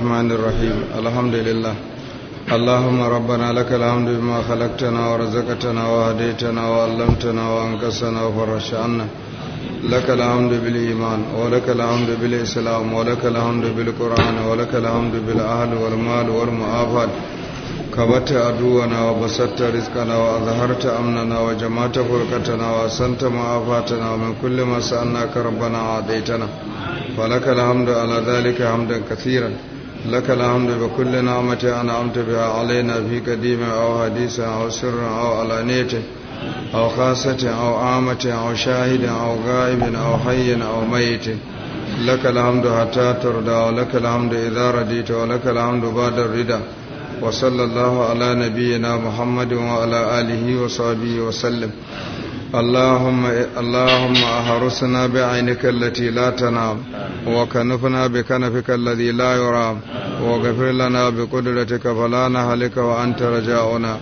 الرحمن الرحيم الحمد لله اللهم ربنا لك الحمد بما خلقتنا ورزقتنا وهديتنا وعلمتنا وانقصنا وفرشنا لك الحمد بالإيمان ولك الحمد بالإسلام ولك الحمد بالقرآن ولك الحمد بالأهل والمال والمعافات كبت عدونا وبسطت رزقنا وأظهرت أمننا وجمعت فرقتنا وأحسنت معافاتنا ومن كل ما سألناك ربنا عاديتنا فلك الحمد على ذلك حمدا كثيرا لك الحمد بكل نعمة أنعمت بها علينا في قديم أو حديث أو سر أو علانية أو خاصة أو عامة أو شاهد أو غائب أو حي أو ميت لك الحمد حتى ترضى ولك الحمد إذا رديت ولك الحمد بعد الرضا وصلى الله على نبينا محمد وعلى آله وصحبه وسلم اللهم اللهم أهرسنا بعينك التي لا تنام وكنفنا بكنفك الذي لا يرام واغفر لنا بقدرتك فلا نهلك وأنت رجاؤنا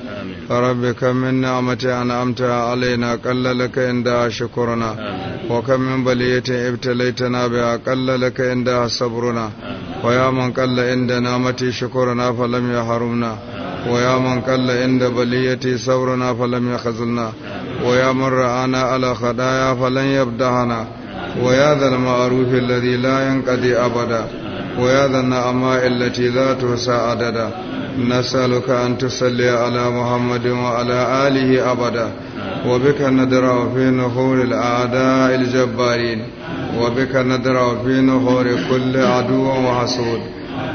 رب كم من نعمة أنعمتها علينا قل لك عندها شكرنا وكم من بلية ابتليتنا بها قل لك عندها صبرنا ويا من قل عند نعمتي شكرنا فلم يحرمنا ويا من قل عند بليتي صبرنا فلم يخزلنا ويا من رآنا على خدايا فلن يبدهنا ويا ذا المعروف الذي لا ينقضي أبدا ويا ذا النعماء التي لا تحصى عددا نسألك أن تصلي على محمد وعلى آله أبدا وبك ندرع في نحور الأعداء الجبارين وبك ندرع في نحور كل عدو وحسود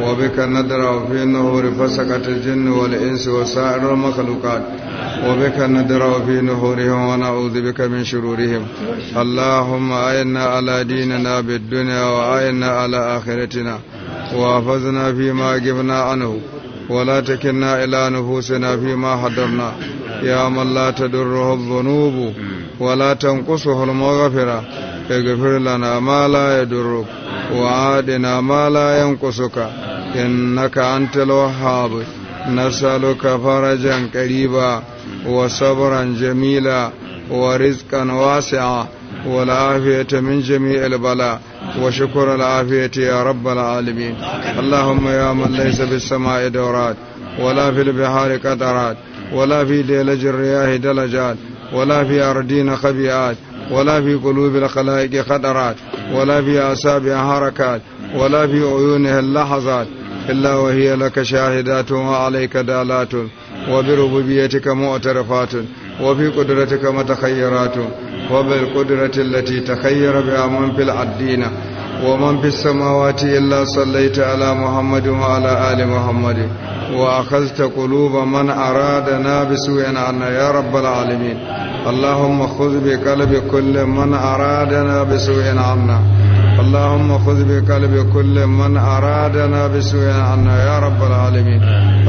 وبك ندرع في النهور فسكت الجن والإنس وسائر المخلوقات وبك ندرع في نهورهم ونعوذ بك من شرورهم اللهم أعنا على ديننا بالدنيا وأعنا على آخرتنا وافزنا فيما جبنا عنه ولا تكلنا إلى نفوسنا فيما حضرنا يا من لا تدره الذنوب ولا تنقصه المغفرة اغفر لنا ما لا يدرك وعادنا ما لا ينقصك إنك أنت الوهاب نسألك فرجا قريبا وصبرا جميلا ورزقا واسعا والعافية من جميع البلاء وشكر العافية يا رب العالمين اللهم يا من ليس في السماء دورات ولا في البحار قطرات ولا في دلج الرياح دلجات ولا في أرضين خبيئات ولا في قلوب الخلائق خدرات ولا في أعصابها حركات ولا في عيونها اللحظات إلا وهي لك شاهدات وعليك دالات وبربوبيتك معترفات وفي قدرتك متخيرات وبالقدرة التي تخير بها من في العدين ومن في السماوات إلا صليت على محمد وعلى آل محمد وأخذت قلوب من أرادنا بسوء عنا يا رب العالمين اللهم خذ بقلب كل من أرادنا بسوء عنا اللهم خذ بقلب كل من أرادنا بسوء عنا يا رب العالمين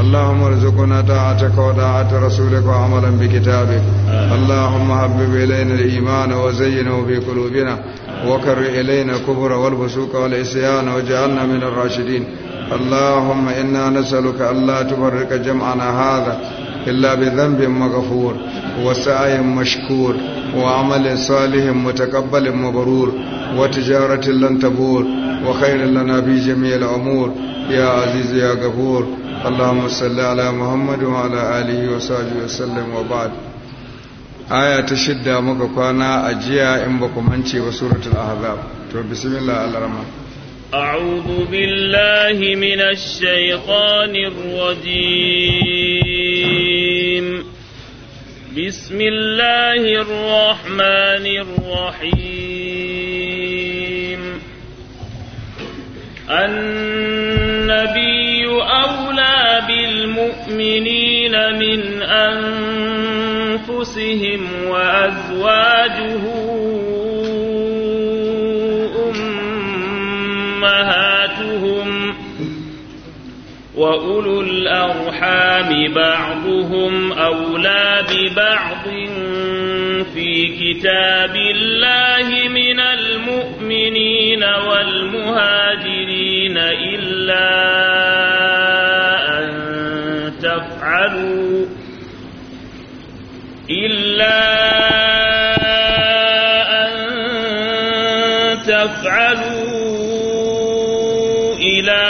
اللهم ارزقنا طاعتك وطاعة رسولك وعملا بكتابك اللهم حبب إلينا الإيمان وزينه في قلوبنا وكر إلينا الكفر والفسوق والعصيان واجعلنا من الراشدين اللهم إنا نسألك ألا تفرق جمعنا هذا إلا بذنب مغفور وسعي مشكور وعمل صالح متقبل مبرور وتجارة لن تبور وخير لنا في جميع الأمور يا عزيز يا غفور اللهم صل على محمد وعلى آله وصحبه وسلم وبعد آية تشد مكوانا أجيا إن بكمانشي وسورة الأحزاب بسم الله الرحمن أعوذ بالله من الشيطان الرجيم بسم الله الرحمن الرحيم النبي أولى بالمؤمنين من أن أنفسهم وأزواجه أمهاتهم وأولو الأرحام بعضهم أولى ببعض في كتاب الله من المؤمنين والمهاجرين إلا أن تفعلوا إلا أن تفعلوا إلى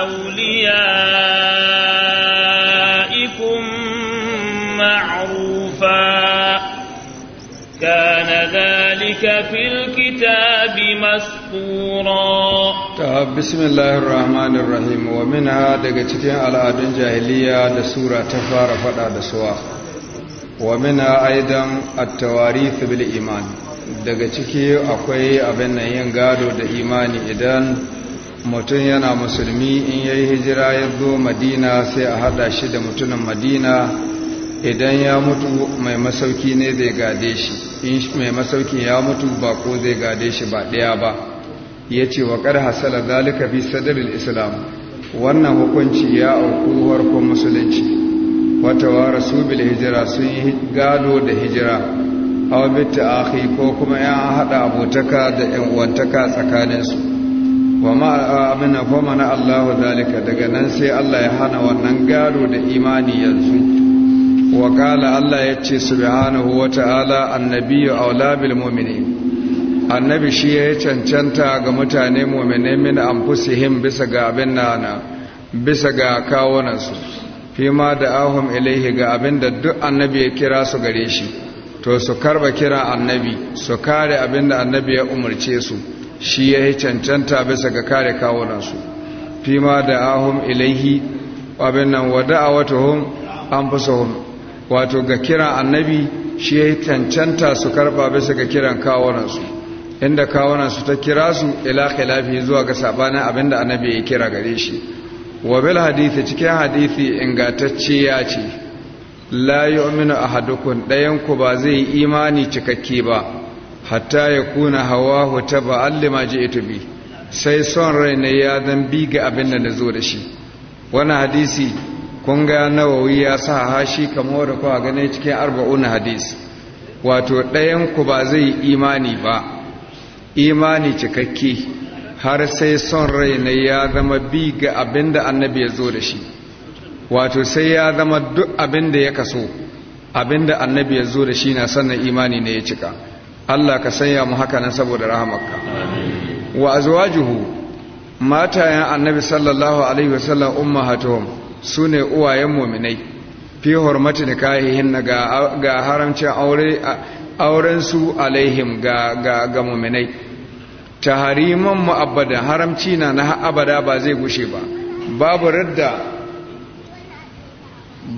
أوليائكم معروفا كان ذلك في الكتاب مسطورا bismillahir rahmanir rahim wa minha daga cikin al'adun jahiliya da sura ta fara fada da suwa wa minha aidan at iman daga ciki akwai abin nan yin gado da imani idan mutum yana musulmi in yayi hijira ya zo madina sai a hada shi da mutumin madina idan ya mutu mai masauki ne zai gade shi in mai masauki ya mutu ba ko zai gade shi ba daya ba ya ce wa ƙar hasala zalika fi sadarin islam wannan hukunci ya auku harkon musulunci wata wa bil hijira sun yi gado da hijira hawa bitta akhi ko kuma ya haɗa abotaka da ‘yan uwantaka tsakaninsu wa ma'amina fama na allahu zalika daga nan sai allah ya hana wannan gado da imani yanzu wa allah ya ce subhanahu wa ta'ala annabiyu aula bil mu'minin annabi shi ya yi cancanta ga mutane mummune min an anfusihim bisa ga abin na bisa ga kawunansu fi ma da ahun ilaihi ga abin da duk annabi ya kira su gare shi to su karba kira annabi su kare abin da annabi ya umarce su shi ya yi cancanta bisa ga kare kawunansu fi ma da ahun ilaihi abin nan wa fusa hun, wato ga kira annabi shi ya yi cancanta su karba bisa ga kiran kawunansu inda kawunan su ta kira su ila khilafi zuwa ga sabanin abinda annabi ya kira gare shi wa bil hadisi cikin hadisi ingatacce ya ce la yu'minu ahadukum dayan ku ba zai imani cikakke ba hatta ya yakuna hawahu ba allima ji'tu bi sai son rai ne ya dan bi ga abinda da zo da shi wannan hadisi kun ga nawawi ya sa hashi kamar da ga ne cikin arba'un hadisi wato ɗayan ku ba zai imani ba imani cikakke har sai son rai raina ya zama bi ga abin da annabi ya zo da shi wato sai ya zama duk abin da ya kaso abin da annabi ya zo da shi na sannan imani ne ya cika Allah ka sanya mu haka nan saboda rahamarka wa azwajuhu matayen annabi sallallahu alaihi wasallam ummahatuhum sune uwayen mu'minai fi hurmati nikahihin ga ga haramcin aurensu alaihim ga ga ga mu'minai tahariman mu'abbada haramci na na abada ba zai gushe ba babu radda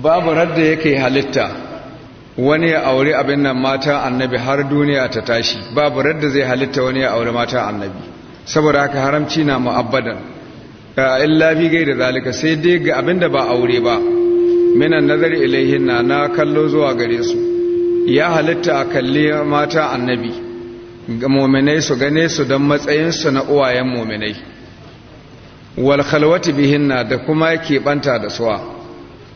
babu radda yake halitta wani ya aure abin nan mata annabi har duniya ta tashi babu radda zai halitta wani ya aure mata annabi saboda haka haramci na mu'abbadan illa bi gaida zalika sai dai ga abin da ba aure ba minan nazari ilaihin na na kallo zuwa gare su ya halitta a kalli mata annabi ga muminai su gane su don matsayinsu na uwayen mominai. wal khalwati bihinna da kuma keɓanta da suwa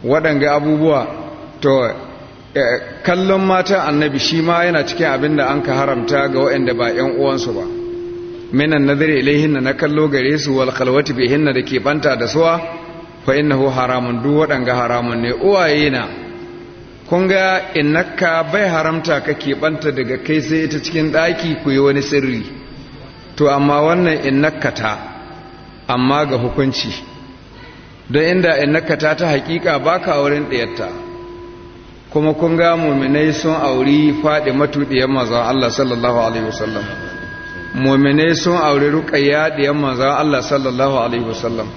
waɗanga abubuwa to eh, kallon mata annabi shi ma yana cikin abin da an ka haramta ga waɗanda ba 'yan uwansu ba minan nazari ilaihinna na kallo gare su wal khalwati bihinna da banta da suwa fa innahu haramun duk waɗanga haramun ne uwaye na kun ga innaka bai haramta ka keɓanta daga kai sai ita cikin ɗaki ku yi wani sirri to amma wannan innaka ta amma ga hukunci don inda innaka ta ta haƙiƙa ba ka wurin ɗayarta kuma kun ga muminai sun auri faɗi matuɗiyar mazan Allah sallallahu alaihi wasallam muminai sun auri ruƙayya ɗiyar mazan Allah sallallahu alaihi wasallam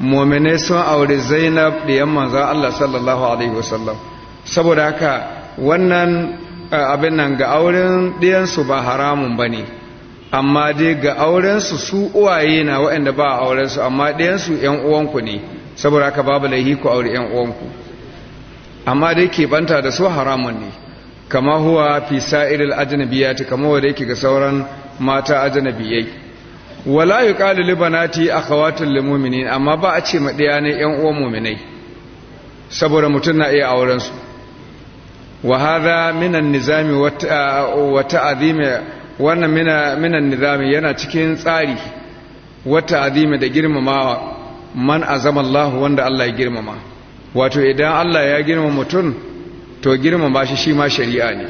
muminai sun auri zainab ɗiyar mazan Allah sallallahu alaihi wasallam saboda haka wannan eh, abin nan ga auren ɗiyansu ba haramun ba ne amma dai ga aurensu su uwaye na waɗanda ba a aurensu amma ɗiyansu ‘yan uwanku ne saboda haka babu laihi ku aure ‘yan uwanku amma dai ke banta da su haramun ne kama huwa fi sa'iril ajnabiyati kama wanda yake ga sauran mata ajnabiyai wala yuqalu li banati akhawatul lil mu'minin amma ba a ce ma ɗaya ne ‘yan uwan mu'minai saboda mutum na iya aurensu wa hadha minan nizami wa ta'zimi wannan yana cikin tsari wa ta'zimi da girmamawa man azama Allah wanda Allah ya girmama wato idan Allah ya girmama mutum to girmama shi shi ma shari'a ne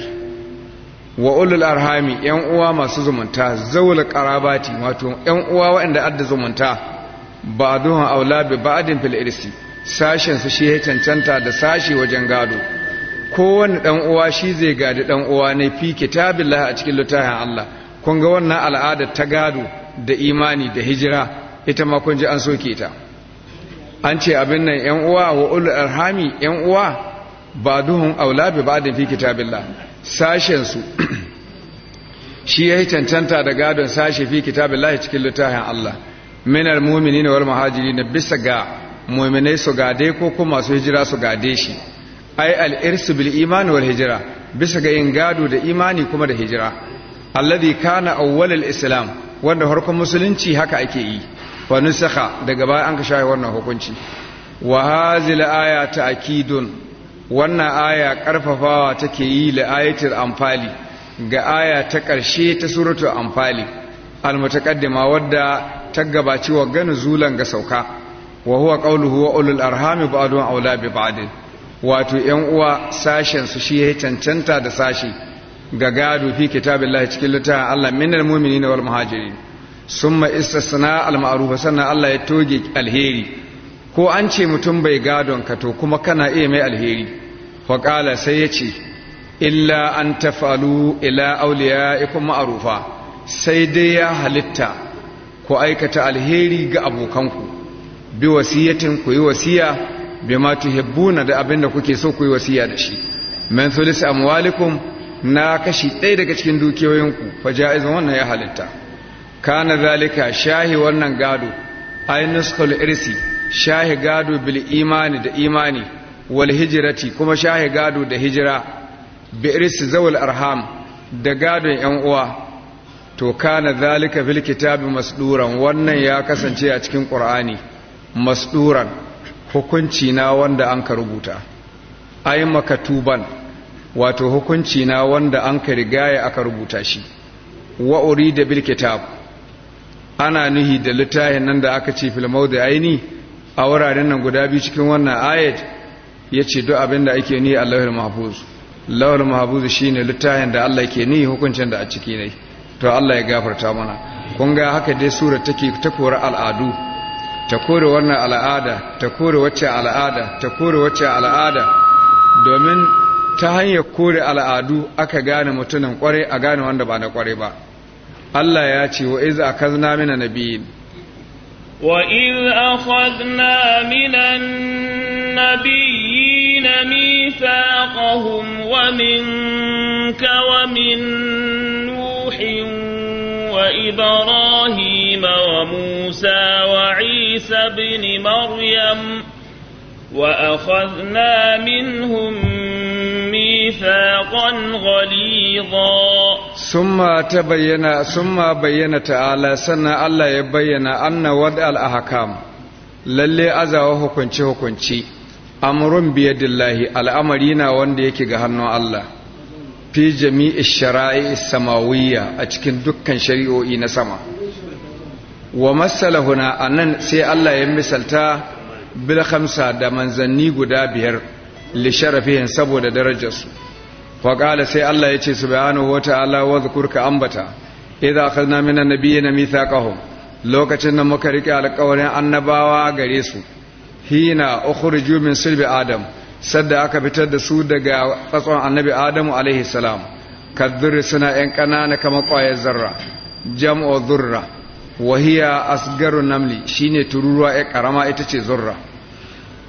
wa ulul arhami yan uwa masu zumunta zawul qarabati wato yan uwa waɗanda adda zumunta ba'duhum aula bi ba'din fil irsi sashen su shi ya cancanta da sashi wajen gado kowane dan uwa shi zai gadi dan uwa ne fi kitabillah a cikin littafin Allah kun ga wannan al'adar ta gado da imani da hijira ita ma kun ji an soke ta an ce abin nan yan uwa wa ulul arhami yan uwa ba duhun aula bi ba'din fi kitabillah sashen su shi ya yi cancanta da gadon sashe fi kitabillah cikin littafin Allah minar mu'minina wal muhajirin bisa ga mu'minai su gade ko kuma su hijira su gade shi ai al'irsu bil imani wal hijira bisa ga yin gado da imani kuma da hijira alladhi kana awwalul islam wanda harkon musulunci haka ake yi wa nusakha daga baya an ka shaye wannan hukunci wa hazil aya akidun wannan aya karfafawa take yi la ayatul anfali ga aya ta karshe ta suratul anfali al mutaqaddima wadda ta gabaci wa zulan ga sauka wa huwa qawluhu wa ulul arhami ba'dun aula bi ba'din wato yan uwa sashen su shi ya cancanta da sashi ga gado fi kitabillahi cikin littafin Allah minal na wal sun Sun ma'isa al ma'arufa sannan Allah ya toge alheri ko an ce mutum bai gadon ka to kuma kana iya mai alheri faƙala sai ya ce illa an tafalu ila ikon ma'arufa. sai dai ya halitta ku aikata alheri ga abokanku bi wasiyatin ku yi wasiya ma tuhibbuna da abinda kuke so ku yi wasiya da shi min thulis amwalikum na kashi ɗaya daga cikin dukiyoyinku fa ja'izun wannan ya halitta kana zalika shahi wannan gado ay irsi shahi gado bil imani da imani wal hijrati kuma shahi gado da hijira bi irsi zawal arham da gadon yan uwa to kana zalika fil kitabi masduran wannan ya kasance a cikin qur'ani masduran hukunci na wanda an ka rubuta ai makatuban wato hukunci na wanda an ka rigaya aka rubuta shi wa'uri da bil ana nuhi da littafin nan da aka ce filmau da aini a wuraren nan guda biyu cikin wannan ayat ce duk abin da ake ni a mahabuz mahfuz mahabuz shi ne littafin da Allah ke ni hukuncin da a ciki ne to Allah ya gafarta mana kun ga haka dai sura take ta kora al'adu ta kore wannan al'ada ta kore wacce al'ada ta kore wacce al'ada domin ta hanyar kore al'adu aka gane mutunan kware a gane wanda ba na kware ba Allah ya ce wa aka akazna mina nabiyin wa iz akhadna minan nabiyyin na wa wa min nuhin وإبراهيم وموسى وعيسى ابن مريم وأخذنا منهم ميثاقا غليظا ثم تبين ثم بين تعالى سنة الله يبين أن وضع الأحكام للي أذى وهكونشي هكونشي أمر بيد الله الأمر ينا وندي يكي الله fi jami'i shara'i samawiyya a cikin dukkan shari'o'i na sama wa masalahuna nan sai Allah ya misalta bilhamsa da manzanni guda biyar li saboda darajarsu fa qala sai Allah ya ce subhanahu wa ta'ala wa zkurka ambata na akhadna na mita mithaqahum lokacin da muka riƙe alƙawarin annabawa gare su hina uku min silbi adam sadda aka fitar da su daga tsatson annabi adamu alaihi salam kadduri suna yan ƙanana kamar ƙwayar zarra jam'o zurra wahiya asgaru namli shine tururuwa ya ƙarama ita ce zurra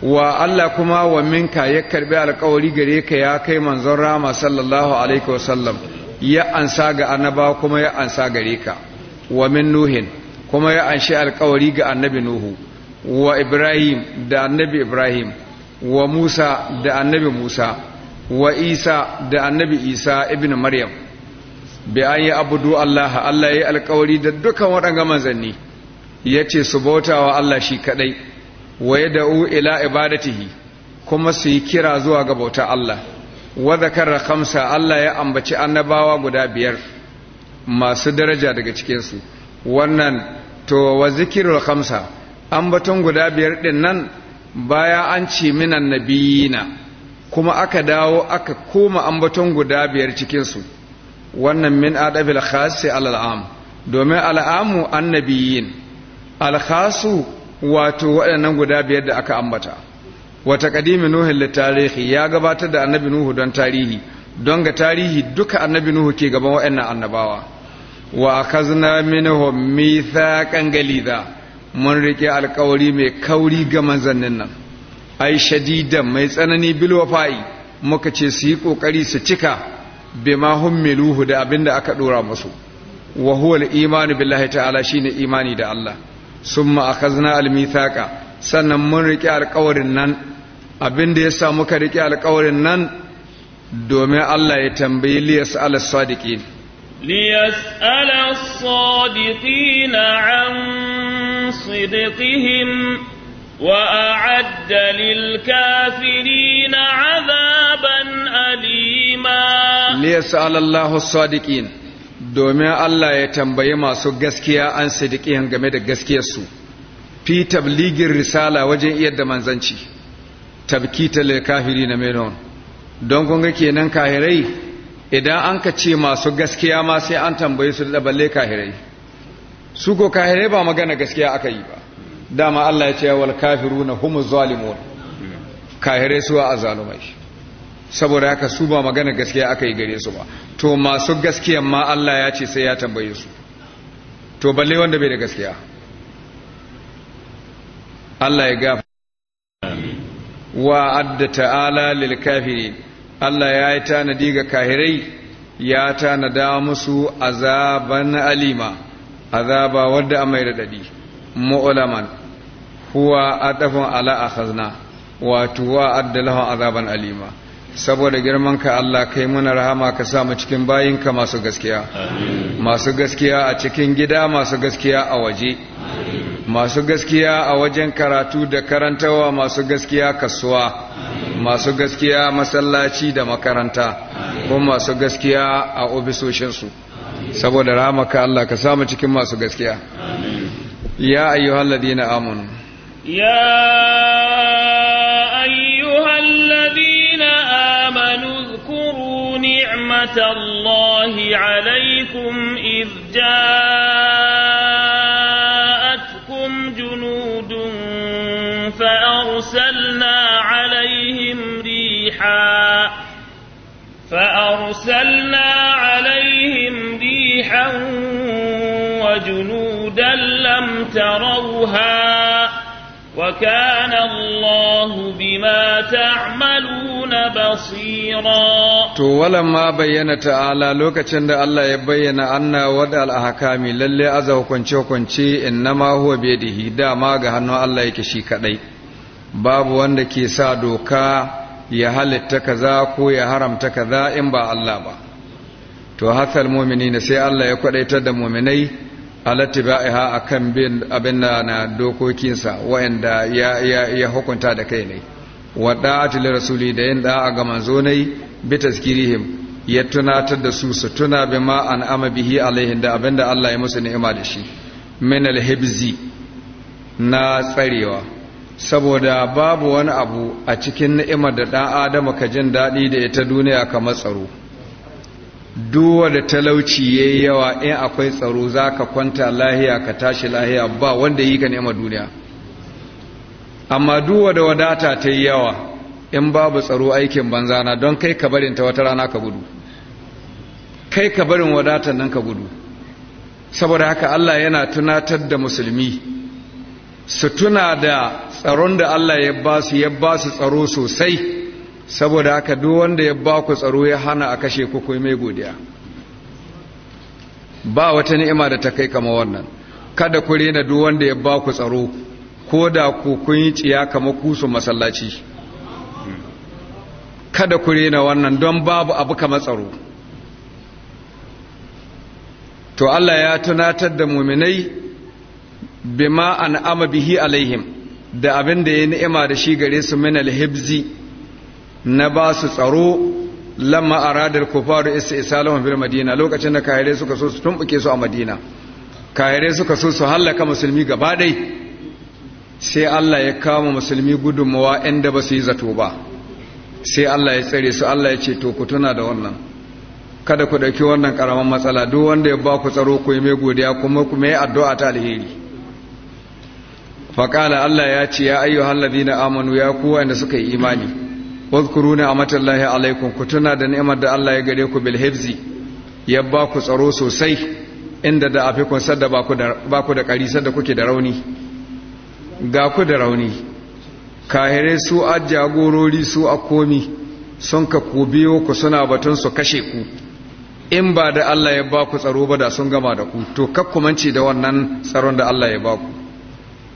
wa Allah kuma wa minka ya karbi alƙawari gare ka ya kai manzon rama sallallahu alaihi wasallam ya ansa ga annaba kuma ya ansa gare ka wa min nuhin kuma ya anshi alƙawari ga annabi nuhu wa ibrahim da annabi ibrahim wa Musa da annabi Musa wa Isa da annabi Isa ibn Maryam bi an yi abudu Allah Allah ya yi alkawari da dukan waɗanga manzanni ya ce su bautawa Allah shi kaɗai wa ya da'u ila ibadatihi kuma su yi kira zuwa ga bauta Allah wa zakara khamsa Allah ya ambaci annabawa guda biyar masu daraja daga cikinsu wannan to wa zikirul khamsa ambaton guda biyar ɗin nan baya an ce minan nabiyina kuma aka dawo aka koma ambaton guda biyar cikinsu wannan min adabil khasi al'am domin al'amu annabiyin alkhasu wato waɗannan guda biyar da aka ambata wata kadimi nuhin littarihi ya gabatar da annabi nuhu don tarihi don ga tarihi duka annabi nuhu ke gaban waɗannan annabawa wa akazna minhum mithaqan galiza mun rike alkawari mai kauri ga manzannin nan ai shadida mai tsanani bilwafa'i muka ce su yi kokari su cika ma hummiluhu da abinda aka dora musu wa huwa al iman billahi ta'ala shine imani da Allah summa akhazna al-mithaqa sannan mun rike alkawarin nan abinda yasa muka rike alkawarin nan domin Allah ya tambayi liyas as sadiqin liyas al-sadiqin an صدقهم وأعد للكافرين عذابا أليما ليسأل الله الصادقين domin Allah ya tambayi masu gaskiya an sidiƙiyan game da gaskiyarsu fi tabligin risala wajen iya da manzanci tabkita lil kafiri na menon don kunga kenan kahirai idan an ka ce masu gaskiya ma sai an tambayi su da balle kahirai su ko kahirai ba magana gaskiya aka yi ba dama Allah ya ce wal kafiruna humu zalimun kahirai su a zalumai saboda haka su ba magana gaskiya aka yi gare su ba to masu gaskiya ma Allah ya ce sai ya tambaye su to balle wanda bai da gaskiya Allah ya gafa wa adda ta'ala lil kafiri Allah ya yi tanadi ga kahirai ya tanada musu azaban alima azaba wadda a mai raɗaɗi mu'ulaman huwa adafin ala a khazna wato wa azaban alima saboda girman ka Allah kai muna rahama ka sa mu cikin bayinka masu gaskiya masu gaskiya a cikin gida masu gaskiya a waje masu gaskiya a wajen karatu da karantawa masu gaskiya kasuwa masu gaskiya masallaci da makaranta kuma masu gaskiya a ofisoshinsu saboda ramaka Allah ka samu cikin masu gaskiya ya ayyuhal ladina amanu ya ayyuhal ladina amanu zkuru ni'matallahi alaykum idh ja'atkum junudun fa arsalna alayhim riha fa arsalna فتحا وجنودا لم تروها وكان الله بما تعملون بصيرا to walamma bayyana ta'ala lokacin da Allah ya bayyana ana wada a hakami, lallai aza hukunce hukunce innama huwa bi yadihi ma ga hannun Allah yake shi kadai babu wanda ke sa doka ya halitta kaza ko ya haramta kaza in ba Allah ba to hakal ne sai Allah ya kwadaitar da mu'minai alattiba'iha akan bin abin da na dokokinsa wa'anda ya ya ya hukunta da kai ne wa da'ati li rasuli da yin da'a ga manzo ne bi tazkirihim ya tunatar da su su tuna bi ma an ama bihi alaihin da abinda Allah ya musu ni'ima da shi min alhibzi na tsarewa saboda babu wani abu a cikin ni'imar da dan adama ka jin daɗi da ita duniya kamar tsaro duwa da talauci ya yi yawa in akwai tsaro za ka kwanta lahiya ka tashi lahiya ba wanda yi ka nema duniya amma duwa da wadata ta yi yawa in babu tsaro aikin banzana don kai ka barin ta wata rana ka gudu kai ka barin wadata nan ka gudu saboda haka Allah yana tunatar da musulmi su tuna da tsaron da Allah ya ba su ya ba su tsaro sosai saboda haka duk wanda ya ba ku tsaro ya hana a kashe ku mai godiya ba wata ni'ima da ta kai kama wannan kada ku rena duk wanda ya ba ku tsaro ko da ku kun yi tsiya kama su masallaci kada ku rena wannan don babu abu kama tsaro to Allah ya tunatar da muminai bima an bihi alaihim da abin da ya ni'ima da shi gare su min alhibzi na ba su tsaro lamma aradar kufaru isa lamar fil madina lokacin da kayare suka so su tumbuke su a madina kayare suka so su hallaka musulmi gaba dai sai Allah ya kama musulmi gudunmawa inda ba su yi zato ba sai Allah ya tsare su Allah ya ce to ku tuna da wannan kada ku ɗauki wannan karaman matsala duk wanda ya ba ku tsaro ku yi mai godiya kuma ku mai addu'a ta alheri faƙala Allah ya ce ya ayyuhan ladina amanu ya ku wanda suka yi imani wazkuru ne a matallahi alaikum ku tuna da ni'imar da Allah ya gare ku bil hifzi ya ba ku tsaro sosai inda da afikun sadda ba ku da ƙari sadda kuke da rauni ga ku da rauni kahire su a jagorori su a komi sun ka ku biyo ku suna batun su kashe ku in ba da Allah ya ba ku tsaro ba da sun gama da ku to kakkumanci da wannan tsaron da Allah ya ba ku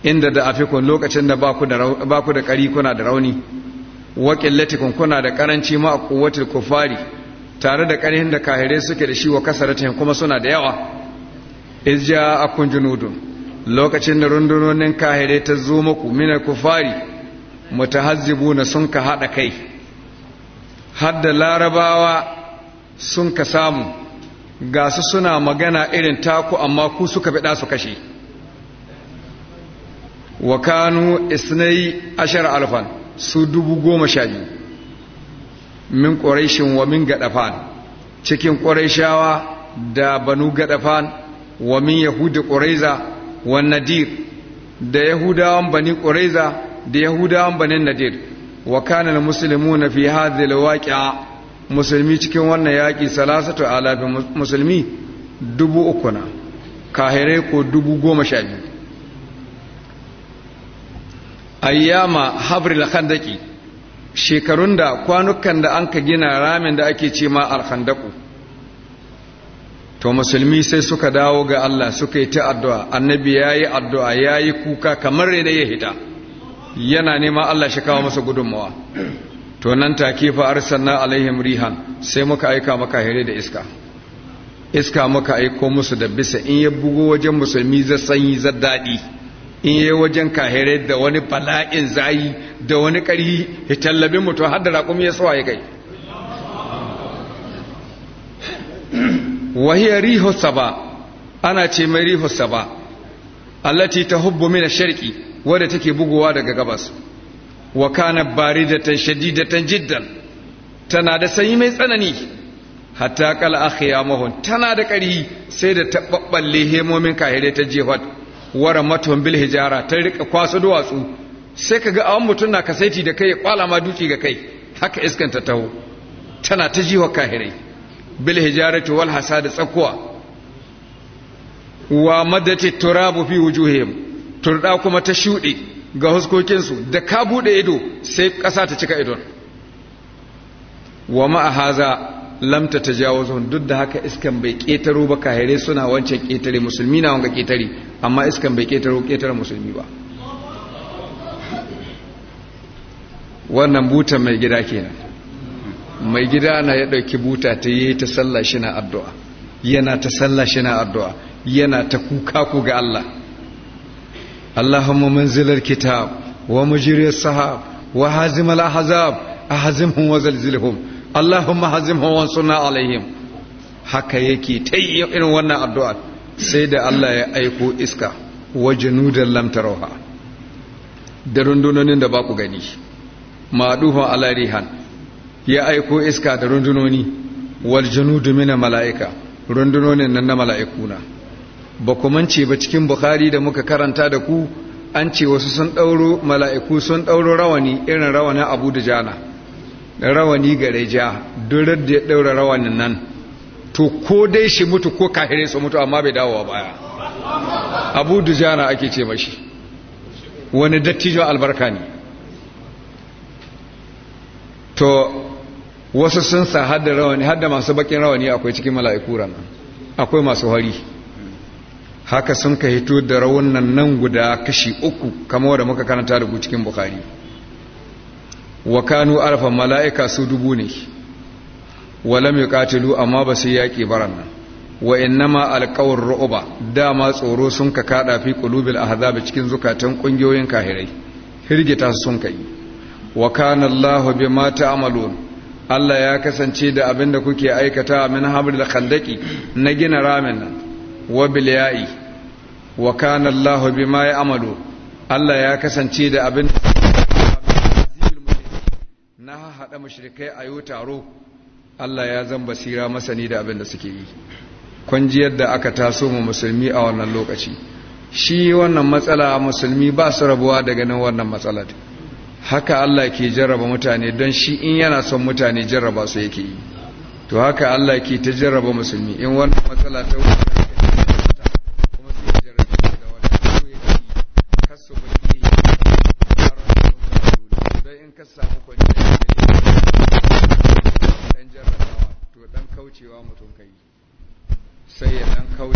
inda da afikun lokacin da ba ku da ƙari kuna da rauni wa qillatikum kuna da karanci ma kuwatul kufari tare da ƙarhin da kahire suke da shi wa kasaratin kuma suna da yawa izja a junudun lokacin da rundunonin kahire ta zo muku mina kufari mutahazzibuna sun ka hada kai hadda larabawa sun ka samu ga su suna magana irin taku amma ku suka fi su kashe wa kanu isnai ashar alfan su dubu goma sha biyu min ƙorashin wa min gaɗafan cikin ƙorashawa da banu gaɗafan wa min yahudi ƙoraiza wa nadir da yahudawan bani ƙoraiza da yahudawan bani nadir wa kanan musulmi na fi hadhihi waqi'a musulmi cikin wannan yaƙi salasatu alafin musulmi dubu uku na kahirai ko dubu goma sha biyu ayyama habril khandaki shekarun da kwanukan da an ka gina ramin da ake ce ma alhandaku to musulmi sai suka dawo ga Allah suka yi ta addu'a annabi ya yi addu'a ya yi kuka kamar da ya hita yana nema Allah shi kawo masa gudunmawa to nan take fa arsalna alaihim rihan sai muka aika maka hire da iska iska muka aiko musu da bisa in ya bugo wajen musulmi zai sanyi za daɗi in yi wajen kahere da wani bala'in zayi da wani ƙari ya tallabi mutum har da raƙumi ya sawa ya kai wahiyar rihusa ba ana ce mai rihusa ba allati ta hubbu mina sharki wadda take bugowa daga gabas wa kana da ta jiddan tana da sanyi mai tsanani hatta akhiya mahun tana da ƙari sai da tabballe hemomin kahere ta jihad wara matuwan bil hijara ta rika kwaso duwatsu sai ka ga awon mutum na kasaiti da kai ya kwala ma duki ga kai haka iskanta taho tana ta jiwa kahirai bil ta wal hasa da tsakuwa wa madati turabu fi wujuhihim turda kuma ta shuɗe ga huskokinsu da ka buɗe ido sai ƙasa ta cika idon wa ma'a haza lamta ta jawo duk da haka iskan bai ƙetaro ba kahire suna wancan ƙetare musulmi na wanga ƙetare amma iskan bai ƙetaro ƙetare musulmi ba wannan buta mai gida kenan mai gida na ya ɗauki buta ta yi ta sallah shi na addu'a yana ta sallah shi na addu'a yana ta kuka ku ga Allah Allahumma manzilar kitab wa mujiriyar sahab wa hazimal ahzab ahzimhum wa zalzilhum Allahumma hazimhum suna alaihim haka yake ta irin wannan addu'a sai da Allah ya aiko iska wa janudan lam tarawha da rundunonin da ba ku gani maduhun alarihan ya aiko iska da rundunoni wal janudu mina mala'ika rundunonin nan na mala'ikuna ba ku mance ba cikin bukhari da muka karanta da ku an ce wasu sun dauro mala'iku sun ɗauro rawani irin rawanin abu da jana rawani gare ja durar da ya ɗaura rawanin nan to ko dai shi mutu ko kahire su mutu amma bai dawowa baya abu dujana ake ce mashi wani dattijo albarka ne to wasu sun sa hada rawani hada masu bakin rawani akwai cikin mala'iku ranar akwai masu hari haka sun ka hito da rawunan nan guda kashi uku kamar da muka karanta da cikin bukari wa kanu alfa mala'ika su dubu ne walam yuqatilu amma ba su yaki baran nan wa ma alqawr ru'ba dama tsoro sun ka kada fi qulubil ahzab cikin zukatan ƙungiyoyin kahirai hirgita su sun kai wa kana Allahu bima amalon. Allah ya kasance da abin da kuke aikata min hamrul khandaqi na gina ramin nan wa bil ya'i wa kana ma ya ya'malu Allah ya kasance da abin da da mushrikai a yi taro Allah ya zan basira masani da abin da suke yi kwanjiyar da aka taso mu musulmi a wannan lokaci shi wannan matsala musulmi ba su rabuwa daga nan wannan matsalar haka Allah ke jarraba mutane don shi in yana son mutane jarraba su yake yi to haka Allah ke ta jarraba musulmi in wannan matsala ta wuce samu 谁也能扣。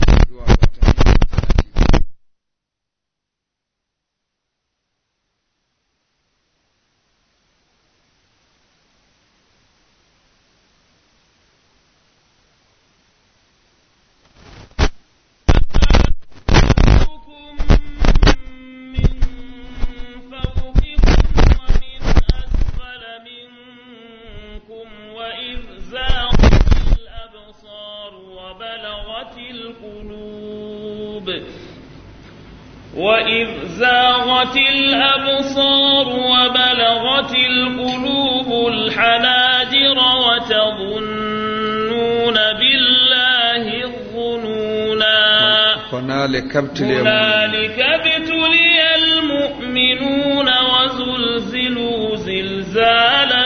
mu ابتلي هنالك ابتلي المؤمنون وزلزلوا زلزالا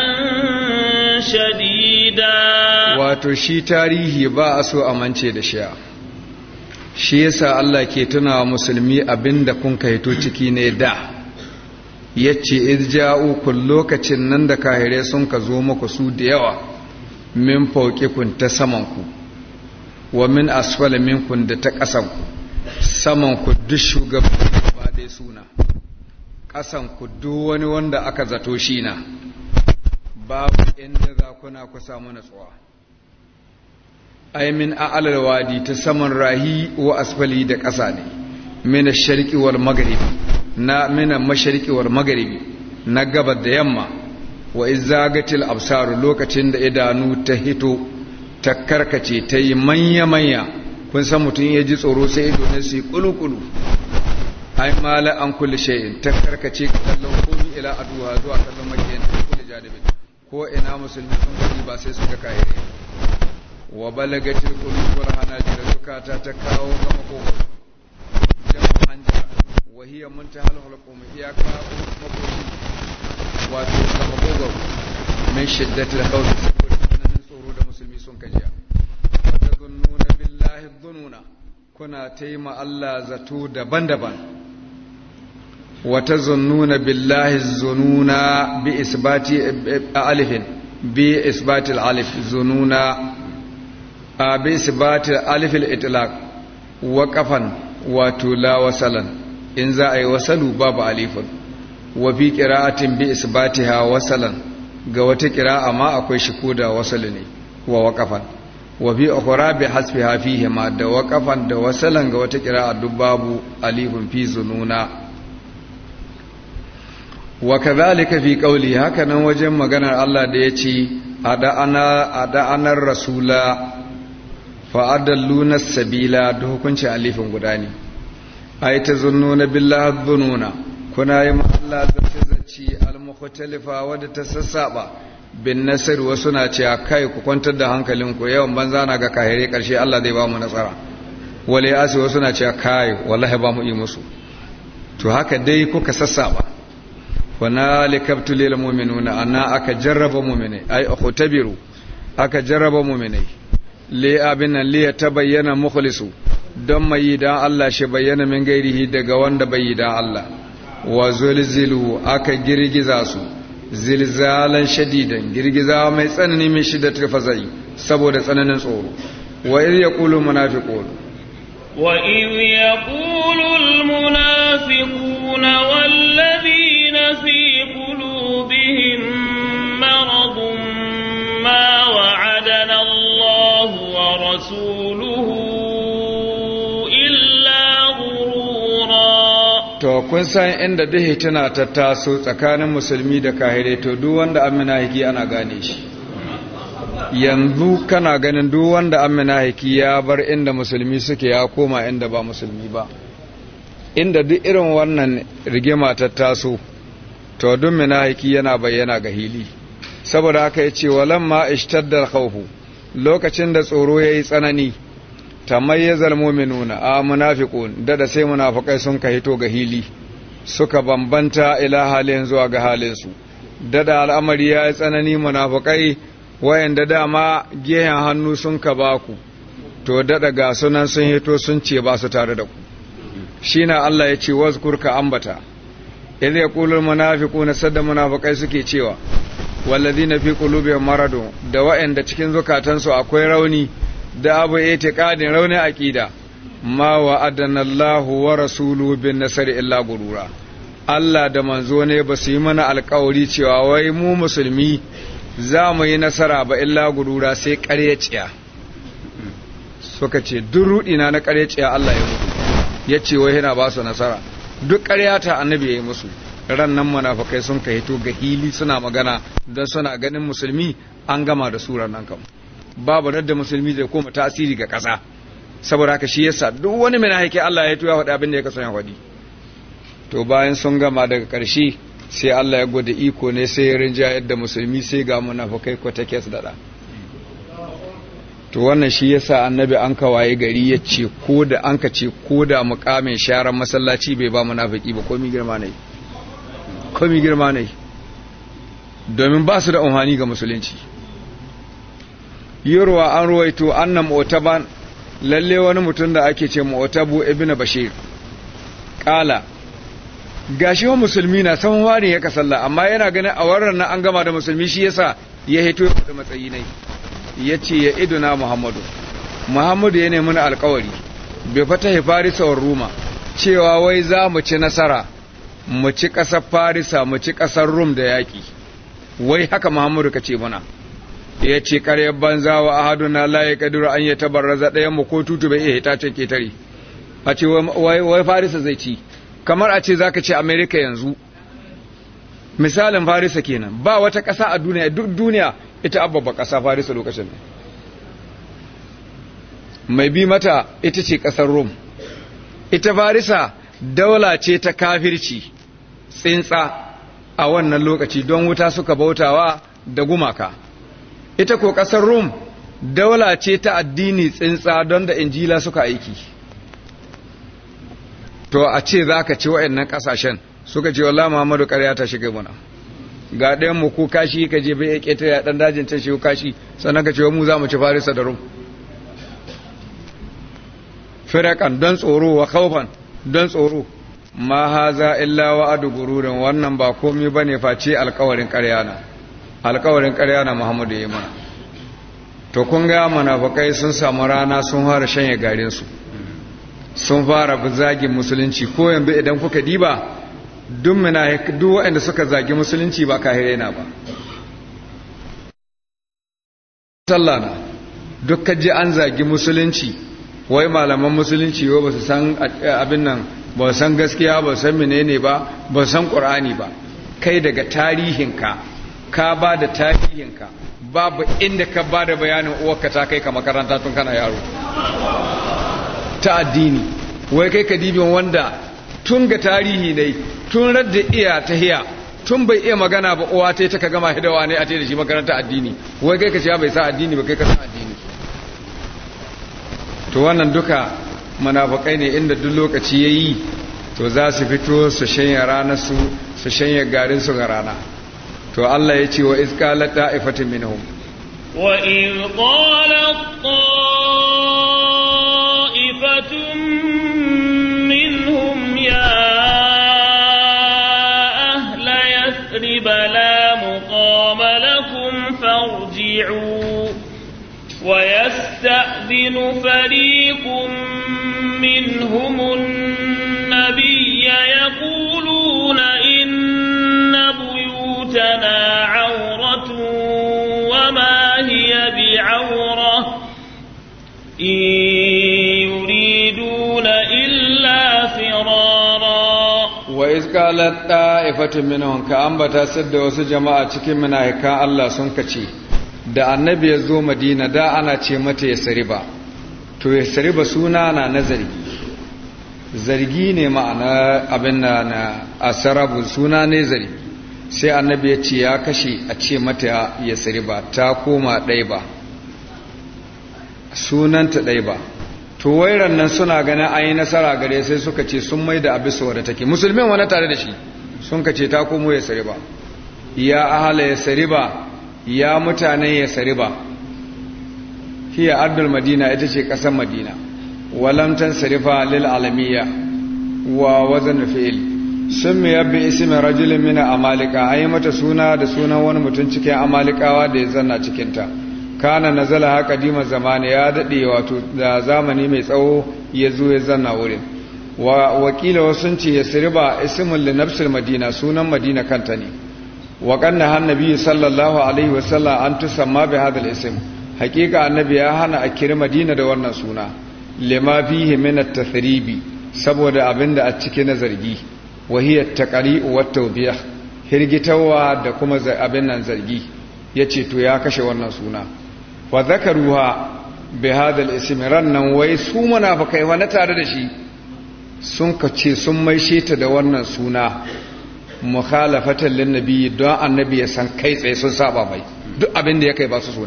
شديدا wato shi tarihi ba a so amince da shi shi yasa Allah ke tuna wa musulmi abinda kun kaito ciki ne da yace irja'u kun lokacin nan da kahire sun ka zo muku su da yawa min fauki kun ta saman ku wa min asfala kun da ta ku. saman ku duk shugabanni gaba ɗaya suna ƙasan ku duk wani wanda aka zato shi na babu inda za kuna ku samu natsuwa ai min ta saman rahi wa asfali da ƙasa ne mina sharqi wal na mina wal na gabar da yamma wa izagatil absaru lokacin da idanu ta hito ta karkace ta yi manya manya kun san mutum ya ji tsoro sai ido ne su yi kulukulu ai mala an kulli shay'in ta karkace ka kallon komi ila aduwa zuwa kallon makiyan ta kulli janibin ko ina musulmi sun kulli ba sai su ga kai wa balagatil qulubur jira zukata ta kawo ga makogoro jama'a hanja wa hiya muntahal hulqum iya ka makogoro wato ga makogoro min shiddatil khawf saboda tsananin tsoro da musulmi sun kajiya wa tazunnuna billahi dhununa kuna taima Allah zato daban-daban wa tazunnuna billahi zununa bi isbati alifin bi isbati alif zununa bi isbati alif al-itlaq wa qafan wato la wasalan in za a yi wasalu babu alifin wa fi qira'atin bi isbatiha wasalan ga wata qira'a ma akwai shi da wasalu ne wa waqafan wa bi ukhra bi hasfiha fihi ma da waqafan da wasalan ga wata qira'a dubbabu alifun fi zununa wa kadhalika fi qawli haka wajen maganar Allah da ya ci ana ada anar rasula fa adalluna sabila da hukunci alifin guda ne ai ta zunnuna billahi dhununa kuna yi ma Allah da tazanci al-mukhtalifa ta sassaɓa. bin nasir wasu na cewa kai ku kwantar da hankalinku yawan banza na ga kahire karshe Allah zai ba mu nasara wale asu wasu na cewa kai wallahi ba mu yi musu to haka dai kuka sassaba wana lil mu'minuna anna aka jarraba mu'mini ay akhtabiru aka jarraba mu'mini li abinna li tabayyana mukhlisu don mai yi Allah shi bayyana min gairihi daga wanda bai yi dan Allah wa zulzilu aka girgiza su zilzalan shadidan girgiza mai tsanani mai ta fazai saboda tsananin tsoro wa iz yaqulu munafiqun wa iz yaqulu al munafiquna walladhina fi qulubihim maradun ma wa'adana Allahu wa rasuluhu to kun san inda dahi tana ta taso tsakanin musulmi da kahire to duk wanda amina hiki ana gane shi yanzu kana ganin duk wanda amina hiki ya bar inda musulmi suke ya koma inda ba musulmi ba inda duk irin wannan rigima ta taso to duk mina hiki yana bayyana ga hili saboda haka ya ce walamma ishtaddal khawfu lokacin da tsoro yayi tsanani tamayyazal mu'minuna a munafiqun dada sai munafikai sun ka hito ga hili suka bambanta ila halin zuwa ga halin su dada al'amari ya yi tsanani munafikai wayanda dama gehen hannu sun ka baku to dada ga sunan sun hito sun ce ba su tare da ku na Allah ya ce wazkur ka ambata idh yaqulul na sadda munafukai suke cewa wallazina fi qulubihim maradun da wayanda cikin zukatansu akwai rauni da abu itiqadin raunin aqida ma wa'adana Allahu wa rasuluhu bin nasari illa gurura Allah da manzo ne ba su yi mana alkawari cewa wai mu musulmi za mu yi nasara ba illa gurura sai ƙaryaciya suka ce duk ruɗina na ƙaryaciya Allah ya mutu ya ce wai yana ba su nasara duk ƙaryata annabi ya yi musu ran nan munafukai sun ka hito ga hili suna magana don suna ganin musulmi an gama da suran nan kamar babu nadda musulmi zai koma tasiri ga ƙasa saboda haka shi yasa duk wani mai haike Allah ya tuya faɗi abin da ya kasan faɗi to bayan sun gama daga ƙarshe sai Allah ya gwada iko ne sai ya rinja yadda musulmi sai ga munafukai ko ta su dada to wannan shi yasa annabi an kawaye gari ya ce ko da an ka ce ko da muƙamin sharan masallaci bai ba munafiki ba komi girma ne komi girma ne domin ba su da umhani ga musulunci yurwa an ruwaito annan mu'taban lalle wani mutum da ake ce mu'tabu ibnu bashir Kala. gashi wa musulmi na san wani ya kasalla amma yana ganin a warran nan an gama da musulmi shi yasa ya hito ya fada matsayi nai yace ya iduna muhammadu muhammadu ya nemi alƙawari bai fata farisa wa ruma cewa wai za mu ci nasara mu ci kasar farisa mu ci ƙasar rum da yaƙi wai haka muhammadu kace ce mana ya ce karyar banza wa ahaduna la ya kadura an ya tabarraza ɗaya mu ko tutu bai iya hita ketare a ce wai farisa zai ci kamar a ce za ka ce amerika yanzu misalin farisa kenan ba wata ƙasa a duniya duk duniya ita abubba ƙasa farisa lokacin mai bi mata ita ce ƙasar rom ita farisa daula ce ta kafirci tsintsa a wannan lokaci don wuta suka bautawa da gumaka ita ko ƙasar rum daula ce ta addini tsintsa don da injila suka aiki to a ce za ka ci wa'annan ƙasashen suka ce wallah muhammadu ƙarya ta shiga muna ga ɗayan mu ko kashi ka je bai ƙeta ya ɗan dajin ta shi kashi sannan ka ce wa mu za mu ci farisa da rum firakan don tsoro wa kaufan don tsoro ma haza illa gururin wannan ba komai ne face alkawarin ƙarya na alkawarin ƙarya na muhammadu ya yi mana to kun ga bakai sun samu rana sun fara shanye garinsu sun fara zagin musulunci ko yanzu idan kuka diba duk waɗanda suka zagi musulunci ba kahirai ba sallah na duk ji an zagi musulunci wai malaman musulunci wai ba su san eh, abin nan ba san gaskiya ba san menene ba ba san ƙur'ani ba kai daga tarihinka ka ba da tarihinka babu inda ka ba da bayanin uwarka ta kai ka makaranta tun kana yaro ta addini wai kai ka dibin wanda tun ga tarihi ne tun radda iya ta hiya tun bai iya magana ba uwa ta ta ka gama hidawa ne a ce da shi makaranta addini wai kai ka ce bai sa addini ba kai ka sa addini to wannan duka manafakai ne inda duk lokaci ya yi to za su fito su shanya ranar su su shanya garin su ga rana to Allah ya ce wa iz qala ta'ifatin minhum wa iz qala ta'ifatun minhum ya ahla yathrib la muqama lakum farji'u wa yasta'dinu fariqun minhum يريدون إلا فرارا وإذ قالت طائفة منهم كأنبتا سد وسو جماعة cikin munafikan Allah sun kace da annabi ya zo Madina da ana ce mata ya sariba to ya sariba suna na nazari zargi ne ma'ana abin na na asarabu suna ne zari sai annabi ya ce ya kashe a ce mata ya sariba ta koma ɗaya ba sunanta ɗai ba to nan suna ganin an yi nasara gare sai suka ce sun mai da abisu wadda take musulmin wani tare da shi sun ka ce ta komo ya sari ba ya ahala ya sari ba ya mutane ya sari ba hiya ardul madina ita ce ƙasar madina walamtan sarifa lil alamiya wa wazan fi'il sun mu yabbi ismin rajulun mina amalika an yi mata suna da sunan wani mutum cikin amalikawa da ya zanna cikinta kana nazala haka dima zamani ya daɗe wato da zamani mai tsawo ya zo ya zanna wurin wa wakila sun ce ya siriba ismun li nafsil madina sunan madina kanta ne wa kanna hannabi sallallahu alaihi wasallam an tusamma bi hadal isim hakika annabi ya hana a kiri madina da wannan suna lima fihi min at saboda abinda a cike na zargi wa hiya taqari wa tawbiya hirgitawa da kuma abin nan zargi yace to ya kashe wannan suna wa zakaruwa bi hadal ismiran nan wai su munafikai wa na tare da shi sun kace sun maishe ta da wannan suna mukhalafatan lin nabi don annabi ya san kai tsaye sun saba mai duk abin da ya kai ba su so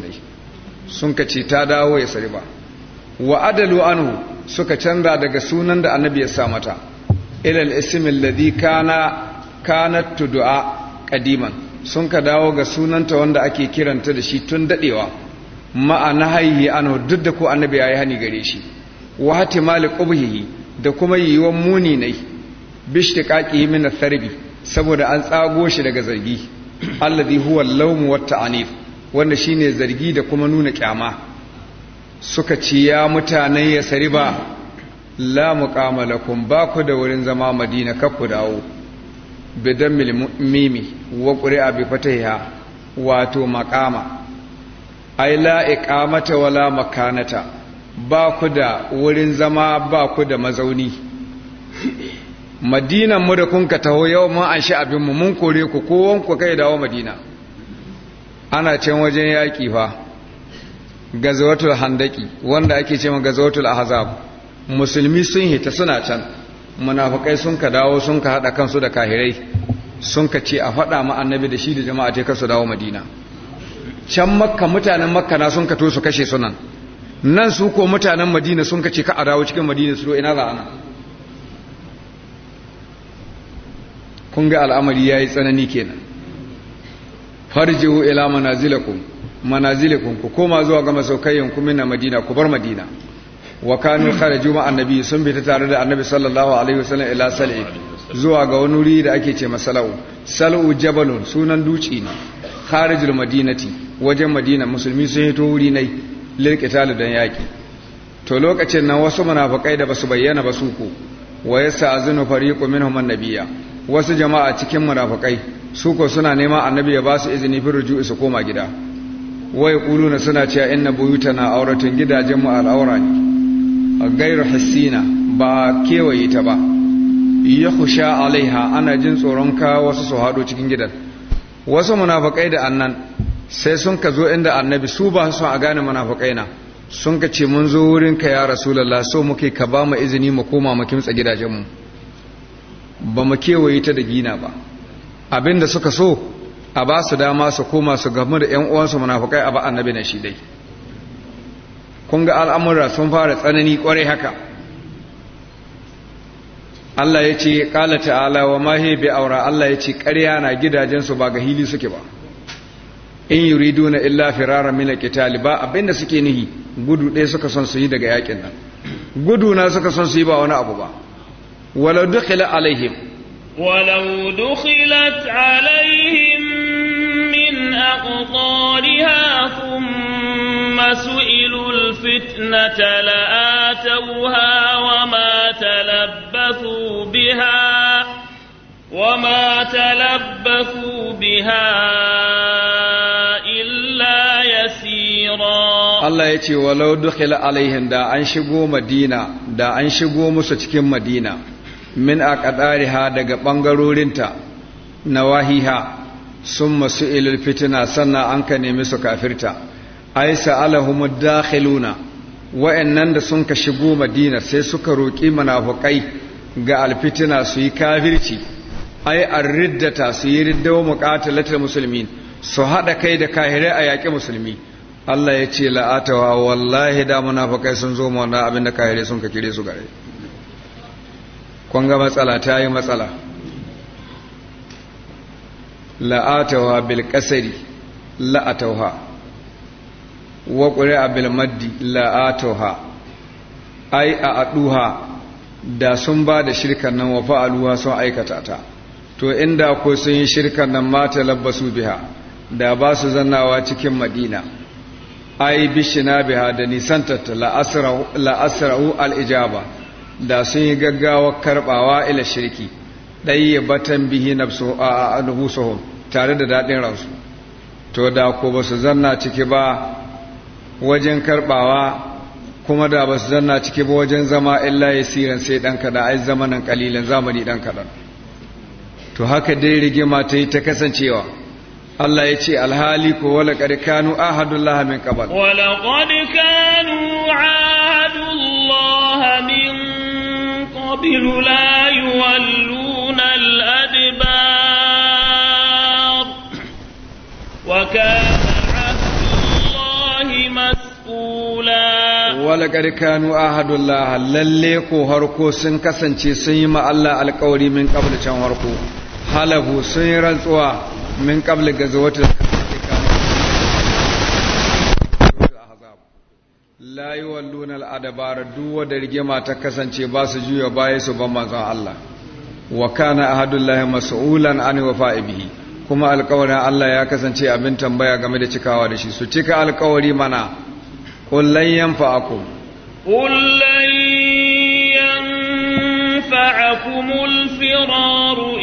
sun kace ta dawo ya sari ba wa adalu anhu suka canza daga sunan da annabi ya sa mata ilal ismin alladhi kana kanat tudua qadiman sun ka dawo ga sunanta wanda ake kiranta da shi tun dadewa ma'ana haihi ano duk da ko annabi ya yi hani gare shi wa hatimali qubhihi da kuma yiwon muni ne qaqi min al-tharbi saboda an tsago shi daga zargi alladhi huwa al-lawm wa at-ta'nif wanda shine zargi da kuma nuna kyama suka ci ya mutanen ya sariba la muqama lakum ba ku da wurin zama madina ka ku dawo bidan mimi wa qur'a bi fatahiha wato maqama ai la iqamata wala makanata ba ku da wurin zama ba ku da mazauni madinan mu da kun ka taho yau mun an shi abin mu mun kore ku kowan ku kai dawo madina ana can wajen yaki fa gazawatul handaki wanda ake cewa gazawatul ahzab musulmi sun hita suna can munafikai sun ka dawo sun ka hada kansu da kahirai sun ka ce a faɗa ma annabi da shi da jama'a ka su dawo madina can makka mutanen makka na sun kato su kashe sunan nan su ko mutanen madina sun kace ka a dawo cikin madina su ina za ana kun ga al'amari yayi tsanani kenan farjihu ila manazilakum manazilakum ku koma zuwa ga masaukayen ku na madina ku bar madina wa kanu kharaju ma annabi sun bi ta tare da annabi sallallahu alaihi wasallam ila sal'i zuwa ga wani wuri da ake ce masalau sal'u jabalun sunan duci ne kharijul madinati wajen madina musulmi sun hito wuri nai lirkitalu don yaƙi to lokacin nan wasu munafukai da basu bayyana ba su ku wa yasta'zinu fariqu minhum annabiyya wasu jama'a cikin munafukai su ko suna nema annabi ya ba su izini fi ruju'i su koma gida wai na suna cewa inna buyutana auratun gidajen mu al'aura ne gairu hissina ba kewaye ta ba ya kusha alaiha ana jin tsoron ka wasu su haɗo cikin gidan wasu munafakai da annan sai sun ka zo inda annabi su ba su a gane munafukai na sun ka ce mun zo wurin ka ya rasulullah so muke ka ba mu izini mu koma mu kimtsa gidajenmu ba mu kewaye ta da gina ba abinda suka so a ba su dama su koma su gamu da yan uwansu munafukai a ba annabi na shi dai kun ga al'amura sun fara tsanani kwarai haka Allah ya ce ƙala ta'ala wa mahe bi aura Allah ya ce ƙarya na gidajensu ba ga hili suke ba in yuriduna illa firara min alqital ba abinda suke nihi gudu ɗaya suka son su yi daga yakin nan gudu na suka son su yi ba wani abu ba walau dukhila alaihim walau dukhilat alaihim min aqtariha thumma su'ilu alfitnata la'atawha wa ma talabbathu biha wa ma talabbathu biha Allah ya ce walau dukhila alaihin da an shigo Madina da an shigo musu cikin Madina min ha daga bangarorinta sun masu ilil fitina sannan an ka nemi su kafirta ai sa'alahumud dakhiluna wa'annan da sun ka shigo Madina sai suka roƙi munafikai ga alfitina su yi kafirci ai arriddata su yi riddawa muqatalatul muslimin su haɗa kai da kahirai a yaƙi musulmi Allah ya ce la'atawa wallahi da munafakai sun zo mu wannan abin da kahire sun ka kire su gare kun ga matsala ta yi matsala la'atawa bil kasari la'atawha wa qura bil maddi la'atawha ai a aduha da sun ba da shirkan nan wa fa'aluwa sun aikata ta to inda ko sun yi shirkan nan mata labbasu biha da ba su zannawa cikin madina ai bishina biha da nisantarta al al'ijaba da sun yi gaggawa karbawa ila shirki ɗaya batan bihi nafsu a tare da daɗin ransu to da ko ba su zanna ciki ba wajen karbawa kuma da ba su zanna ciki ba wajen zama illa ya siran sai ɗan kaɗan ai zamanin kalilan zamani ɗan kaɗan to haka dai rigima ta yi ta kasancewa Allah ya ce alhali ko wala qad kanu ahadullah min qabl wala qad kanu ahadullah min qabl la yuwalluna al-adbar wa Wala walaƙar kanu ahadullah lalle ko harko sun kasance sun yi ma Allah alƙawari min ƙabla can harko Halabu sun yi rantsuwa min qabli gazwatil la yi walluna al'adabara duwa da rigima ta kasance ba su juya baya su ban manzon Allah wa kana ahadullahi mas'ulan an wafa'i bihi kuma alkawarin Allah ya kasance abin tambaya game da cikawa da shi su cika alkawari mana kullan yanfa'akum kullan yanfa'akum al-firaru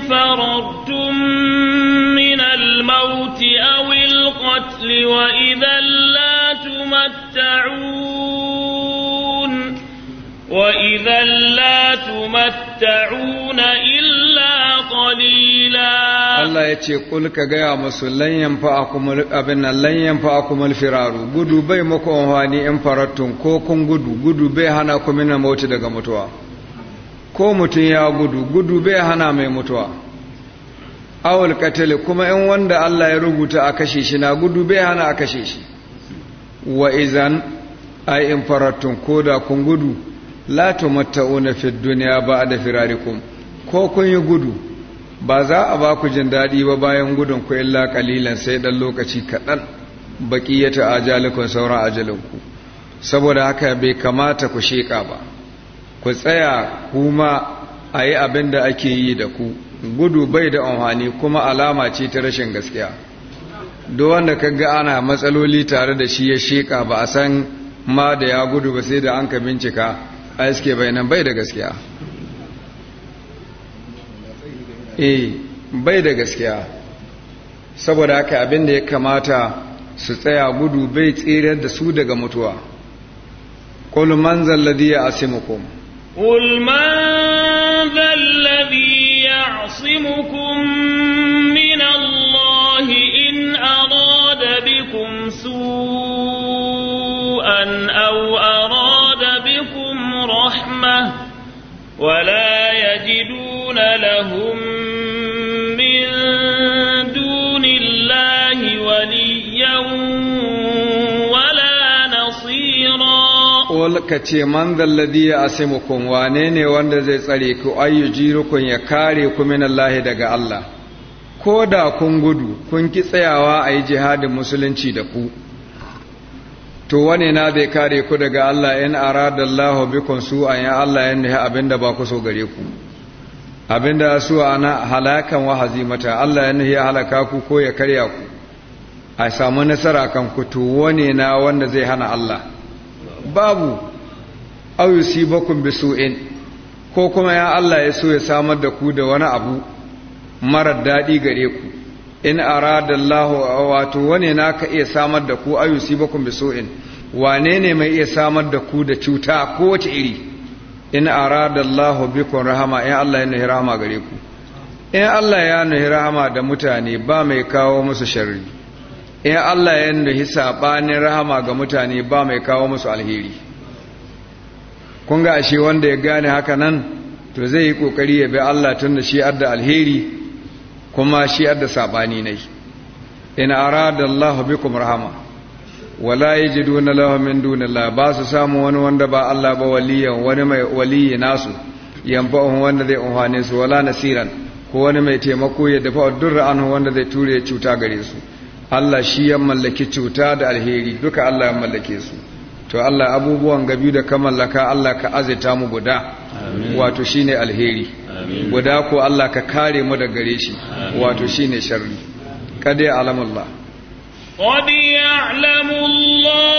فررتم من الموت أو القتل وإذا لا تمتعون وإذا لا تمتعون إلا قليلا Allah ya ce, ka gaya musu lan yamfa a kuma firaru, gudu bai makon wani in faratun ko kun gudu, gudu bai hana ku mina mauti daga mutuwa. ko mutum ya gudu gudu bai hana mai mutuwa awul katale kuma in wanda Allah ya rubuta a kashe shi na gudu bai hana a kashe shi wa izan ai in faratun ko da kun gudu la tumatta'una fid dunya ba'da firarikum ko kun yi gudu ba za a ba ku jin daɗi ba bayan gudun ku illa kalilan sai dan lokaci kaɗan baqiyatu ajalukum saura ajalinku saboda haka bai kamata ku sheƙa ba ku tsaya kuma a yi abin da ake yi da ku gudu bai da amfani kuma alama ce ta rashin gaskiya duk wanda ka ga ana matsaloli tare da shi ya sheka ba a san ma da ya gudu ba sai da an ka bincika a iske bai nan bai da gaskiya eh bai da gaskiya saboda haka abin da ya kamata su tsaya gudu bai tsirar da su daga mutuwa ƙulman man ya ya'simukum قل من ذا الذي يعصمكم من الله إن أراد بكم سوءا أو أراد بكم رحمة ولا يجدون لهم ka ce man zalladi ya asimukum wane ne wanda zai tsare ku ayyu jirukun ya kare ku min lahi daga Allah ko da kun gudu kun ki tsayawa a yi jihadin musulunci da ku to wane na zai kare ku daga Allah in aradallahu bikum su an ya Allah yan abin abinda ba ku so gare ku abinda su ana halakan wa mata, Allah ya nuhi halaka ku ko ya karya ku a samu nasara kan ku to wane na wanda zai hana Allah babu aw yusibakum bisu'in ko kuma ya Allah ya so ya samar da ku da wani abu marar daɗi gare ku in arada Allah wato wane na ka iya samar da ku aw yusibakum bisu'in wane ne mai iya samar da ku da cuta ko wace iri in arada Allah bikum rahama ya Allah ya nuhi rahama gare ku in Allah ya nuhi rahama da mutane ba mai kawo musu sharri in Allah ya nuhi sabanin rahama ga mutane ba mai kawo musu alheri kun ga ashe wanda ya gane haka nan to zai yi kokari ya bi Allah tun da shi adda alheri kuma shi adda sabani ne in arada Allah bikum rahama wala yajiduna lahu min Allah ba su samu wani wanda ba Allah ba waliyan wani mai waliyi nasu yanfa'uhum wanda zai umfane su wala nasiran ko wani mai taimako ya dafa durra anhu wanda zai ture cuta gare su Allah shi ya mallaki cuta da alheri duka Allah ya mallake su to Allah abubuwan gabi da ka mallaka Allah ka azita mu guda wato shine alheri guda ko Allah ka kare mu da gare shi wato shine sharri kada ya alamullah qad ya'lamu Allah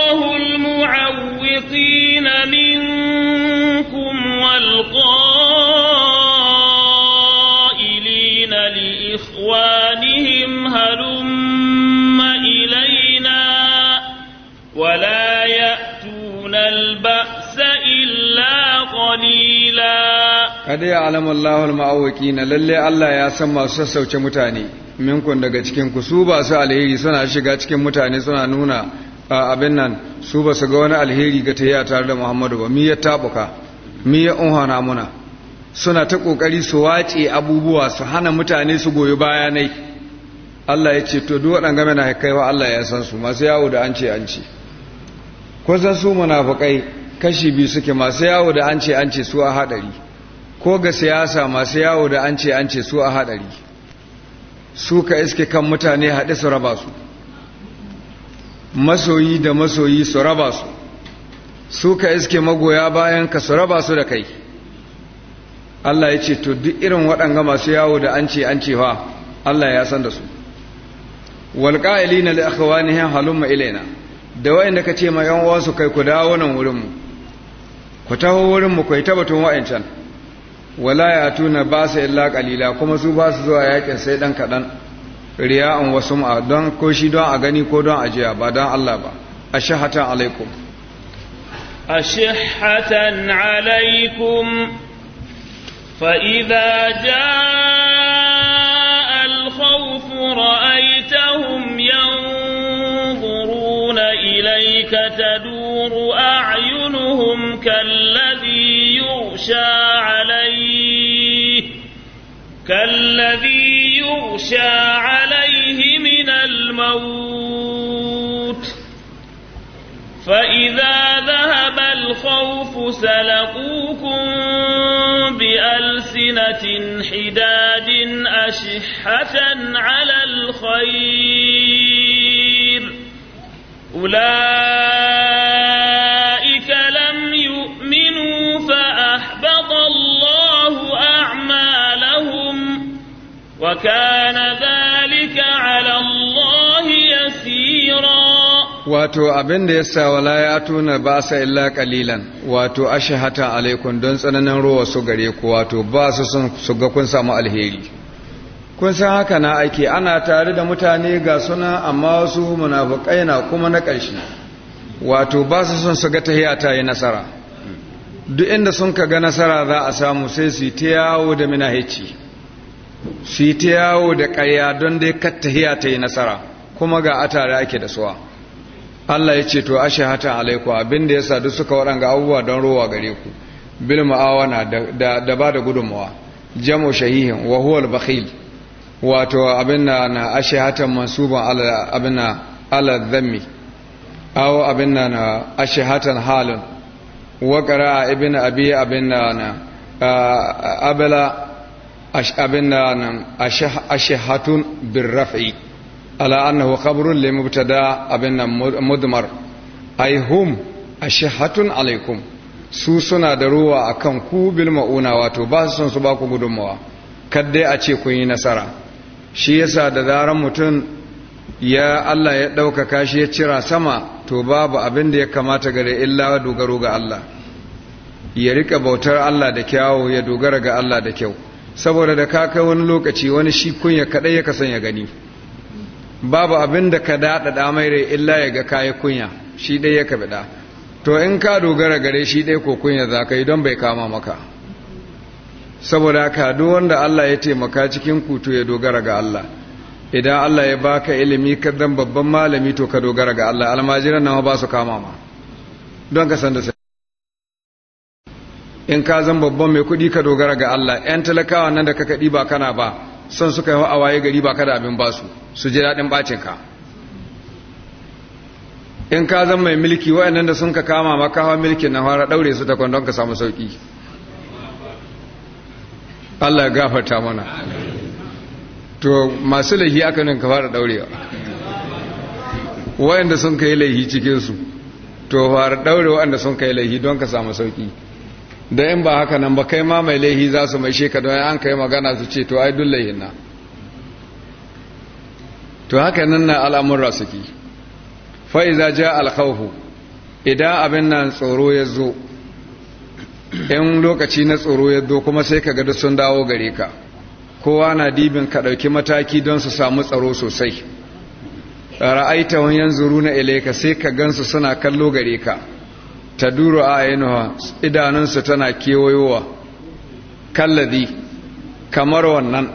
ya alamu Allahul ma'auki na lalle Allah ya san masu sassauce mutane minkun daga cikin ku su ba su alheri suna shiga cikin mutane suna nuna abin nan su ba su ga wani alheri ga ta tare da Muhammadu ba mi ya tabuka mi ya unhana muna suna ta kokari su wace abubuwa su hana mutane su goyi bayanai Allah ya ce to duk waɗanga kai wa Allah ya san su masu yawo da an ce an ce ko san su munafikai kashi biyu suke masu yawo da an ce an ce su a haɗari ko ga siyasa masu yawo da an ce an ce su a haɗari su ka iske kan mutane haɗe su raba su masoyi da masoyi su raba su su ka iske magoya bayan ka su raba su da kai Allah ya ce to duk irin waɗanga masu yawo da an ce an ce fa Allah ya san da su walƙa'ilina li akhwanihim halumma ilaina da ka ce ma yan uwansu kai ku dawo nan wurinmu, ku taho wurinmu mu kai tabbatun wa'ancan wala ya tuna ba su illa kalila kuma su ba su zuwa yakin sai dan kaɗan riya'un wasu ma don ko shi don a gani ko don ajiya ba don Allah ba a shahatan alaikum a shahatan alaikum فإذا جاء الخوف رأيتهم ينظرون إليك تدور تدور أعينهم كالذي يغشى عليه كالذي يغشى عليه من الموت فإذا ذهب الخوف سلقوكم بألسنة حداد أشحة على الخير أولئك لم يؤمنوا فأحبط الله أعمالهم وكان ذلك على الله يسيرا wato abin da ya sa wala ya tuna ba sa illa kalilan wato ashahata alaikum don tsananin ruwa su gare ku wato ba su sun kun samu alheri kun san haka na ake ana tare da mutane ga suna amma wasu munafukai na kuma na ƙarshe wato ba su son su ga tahiya ta yi nasara duk inda sun ka ga nasara za a samu sai su ta yawo da minahici su ta yawo da ƙarya don dai kar tahiya ta yi nasara kuma ga a tare ake da suwa Allah ya ce to ashe hatan alaiku abin da ya sadu suka waɗanga abubuwa don rowa gare ku bil ma'awana da ba da gudunmawa jamo shahihin wa huwal bakhil wato abin na na hatan mansuban abin na alazzami awo abin na na hatan halin wakara a ibin abi abin na na abala abin na na bin rafi ala annahu qabrun li mubtada abin na mudmar ai hum ashihatun alaikum su suna da ruwa akan ku bil mauna wato ba su son su ba ku gudunmawa kaddai a ce kun yi nasara shi yasa da zaran mutum ya Allah ya ɗaukaka shi ya cira sama to babu abin da ya kamata gare illa dogaro ga Allah ya rika bautar Allah da kyawu ya dogara ga Allah da kyau saboda da ka kai wani lokaci wani shi kunya kaɗai ya kasan ya gani babu abin da ka daɗaɗa mai rai illa ya ga kayi kunya shi ɗai ya kabiɗa to in ka dogara gare shi ɗai ko kunya za ka yi don bai kama maka saboda ka duk wanda Allah ya taimaka cikin kuto ya dogara ga Allah idan Allah ya baka ilimi ka dan babban malami to ka dogara ga Allah almajiran nan ba su kama ma don ka san da sai in ka zan babban mai kuɗi ka dogara ga Allah yan talakawa nan da ka kadi ba kana ba son suka yi awaye gari ba ka da abin ba su su ji daɗin bacin ka in ka zan mai mulki wa'annan da sun ka kama maka hawa mulkin na fara ɗaure su ta kwandon ka samu sauƙi Allah ya gafarta mana to masu laihi aka nan ka fara daurewa wayanda sun kai laihi cikin su to fara daure wanda sun kai laihi don ka samu sauki da in ba haka nan ba kai ma mai laihi za su mai sheka don an kai magana su ce to ai dun laihin na to haka nan na al'amurra suke fa'iza ja alkhawfu idan abin nan tsoro ya zo Yan lokaci na tsoro ya zo kuma sai ka gada sun dawo gare ka kowa na dibin ka ɗauki mataki don su samu tsaro sosai ra'aita yan zuru na ilaika sai ka gansu suna kallo gare ka ta duro a idanunsu tana kewayowa kalladi kamar wannan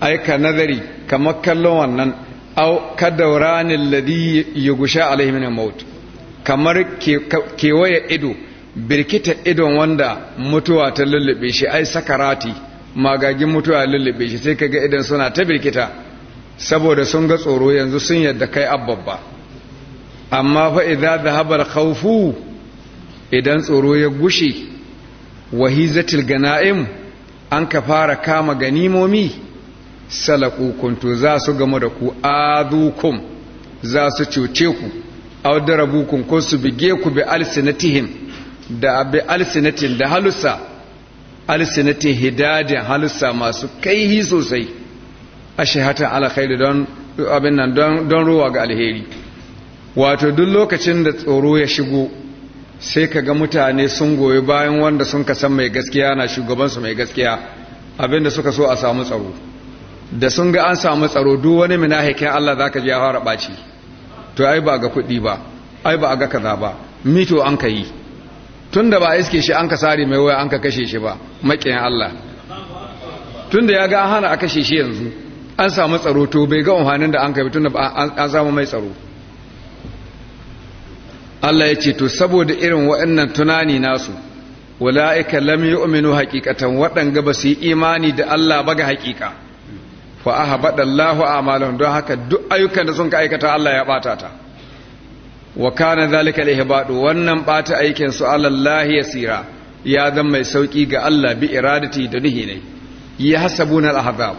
aika nazari kamar kallon wannan au kadauranin ladi ya gusha alaihimin maut kamar kewaye ido birkita idon wanda mutuwa ta lullube shi ai sakarati magagin mutuwa lullube shi sai kaga idan suna ta birkita saboda sun ga tsoro yanzu sun yadda kai abbabba amma fa idza dhahabar khawfu idan tsoro ya gushe hizatil ganaim an ka fara kama ganimomi salaku kuntu za su gamu da ku adukum za su cuce ku aw ko su bige ku bi alsinatihim da abi alsinatin da halussa alsinatin hidadin halussa masu kaihi sosai a shahatan alkhairu don abin nan don ruwa ga alheri wato duk lokacin da tsoro ya shigo sai ka ga mutane sun goyi bayan wanda sun ka san mai gaskiya na shugabansu mai gaskiya abinda suka so a samu tsaro da sun ga an samu tsaro duk wani minahikin Allah zaka je ji ya fara ɓaci to ai ba ga kuɗi ba ai ba ga kaza ba mito an ka yi tun da ba iske shi an ka sare mai waya an ka kashe shi ba maƙiyan Allah tun da ya ga an hana a kashe shi yanzu an samu tsaro to bai ga umarnin da an kai tun da an samu mai tsaro Allah ya ce to saboda irin waɗannan tunani nasu wala'ika lam yu'minu haqiqatan waɗanga ba su yi imani da Allah ba ga haƙiƙa fa ahabada Allahu a'malahum don haka duk ayyukan da sun ka aikata Allah ya ɓata ta wa kana zalika al-ihbadu wannan bata aikin su alallahi yasira ya zama mai sauki ga Allah bi iradati da nihi ne yahsabuna al-ahzab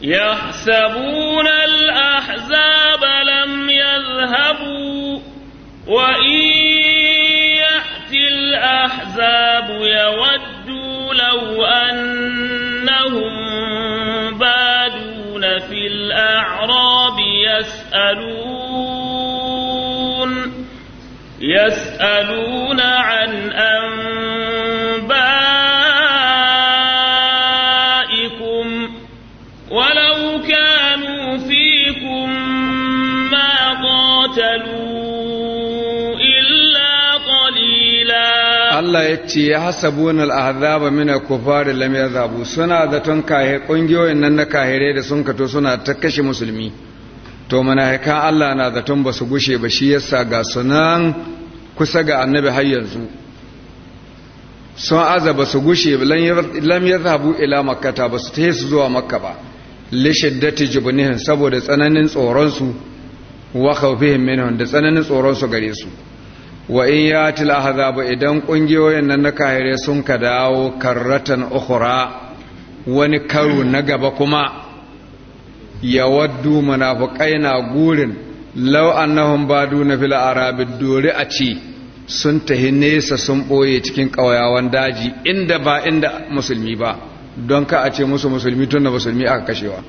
Ya al-ahzab lam yadhhabu wa ya'ti al yawaddu law annahum baduna fil a'rab yas'alun يسألون عن أنبائكم ولو كانوا فيكم ما قاتلوا إلا قليلا الله يتي يحسبون الأعذاب من الكفار لم يذهبوا سنة ذاتون كاهي قنجيو إننا كاهي ريد سنكتو سنة تكشي مسلمين to manahikan Allah na zaton ba su gushe ba shi yasa ga sunan kusa ga annabi har yanzu sun aza ba su gushe lam yadhabu ila makkata ba su su zuwa makka ba li shiddati saboda tsananin tsoron su wa khawfihim minhum da tsananin tsoronsu su gare su wa in yati al idan kungiyoyin nan na kahire sun ka dawo karratan ukhra wani karu na gaba kuma ya waddu munafukai na gurin lau annahum badu na fil arabi dore a ce sun tahi nesa sun ɓoye cikin ƙauyawan daji inda ba inda musulmi ba don ka a ce musu musulmi tun da musulmi aka kashewa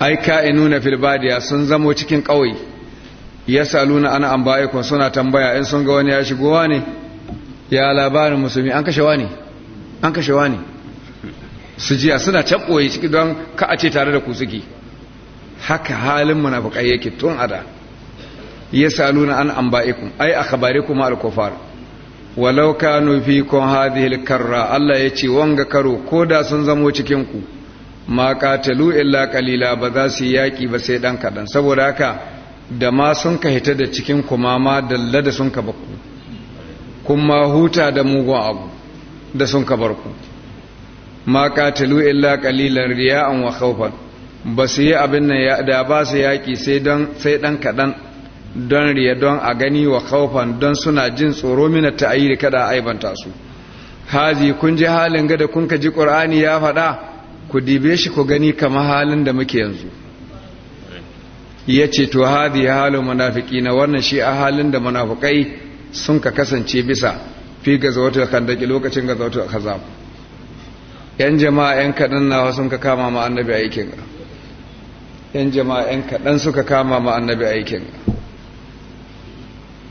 ai ka'inu na filbadiya sun zamo cikin ƙauye ya saluna ana an ba'ikun suna tambaya in sun ga wani ya shigowa ne ya labarin musulmi an kashewa ne an kashewa ne su jiya suna can ɓoye ciki don ka a ce tare da ku suke haka halin munafukai yake tun ada ya nuna an ku ai akhbarikum kuma kufar walau kanu nufi kun haɗe karra Allah ya ce wanga karo ko da sun zamo cikinku ma katalu illa kalila ba za su yaki ba sai dan kaɗan saboda haka da ma sun ka hita da cikin kuma ma dalla da sun ka bakku kuma huta da mugun abu da sun ka barku ma qatalu illa qalilan riya'an wa khawfan ba su yi abin nan da ba su yaƙi sai don sai dan kadan don riya don a gani wa khawfan don suna jin tsoro mina ta'ayyir kada aibanta su hazi kun ji halin ga da kun ka ji qur'ani ya faɗa ku dibe shi ku gani kama halin da muke yanzu ya ce to hazi halin munafiki na wannan shi a halin da munafukai sun ka kasance bisa fi gazawatul khandaki lokacin gazawatul khazab yan jama'a yan kaɗan nawa sun ka kama ma annabi aikin yan jama'a yan kaɗan suka kama ma annabi aikin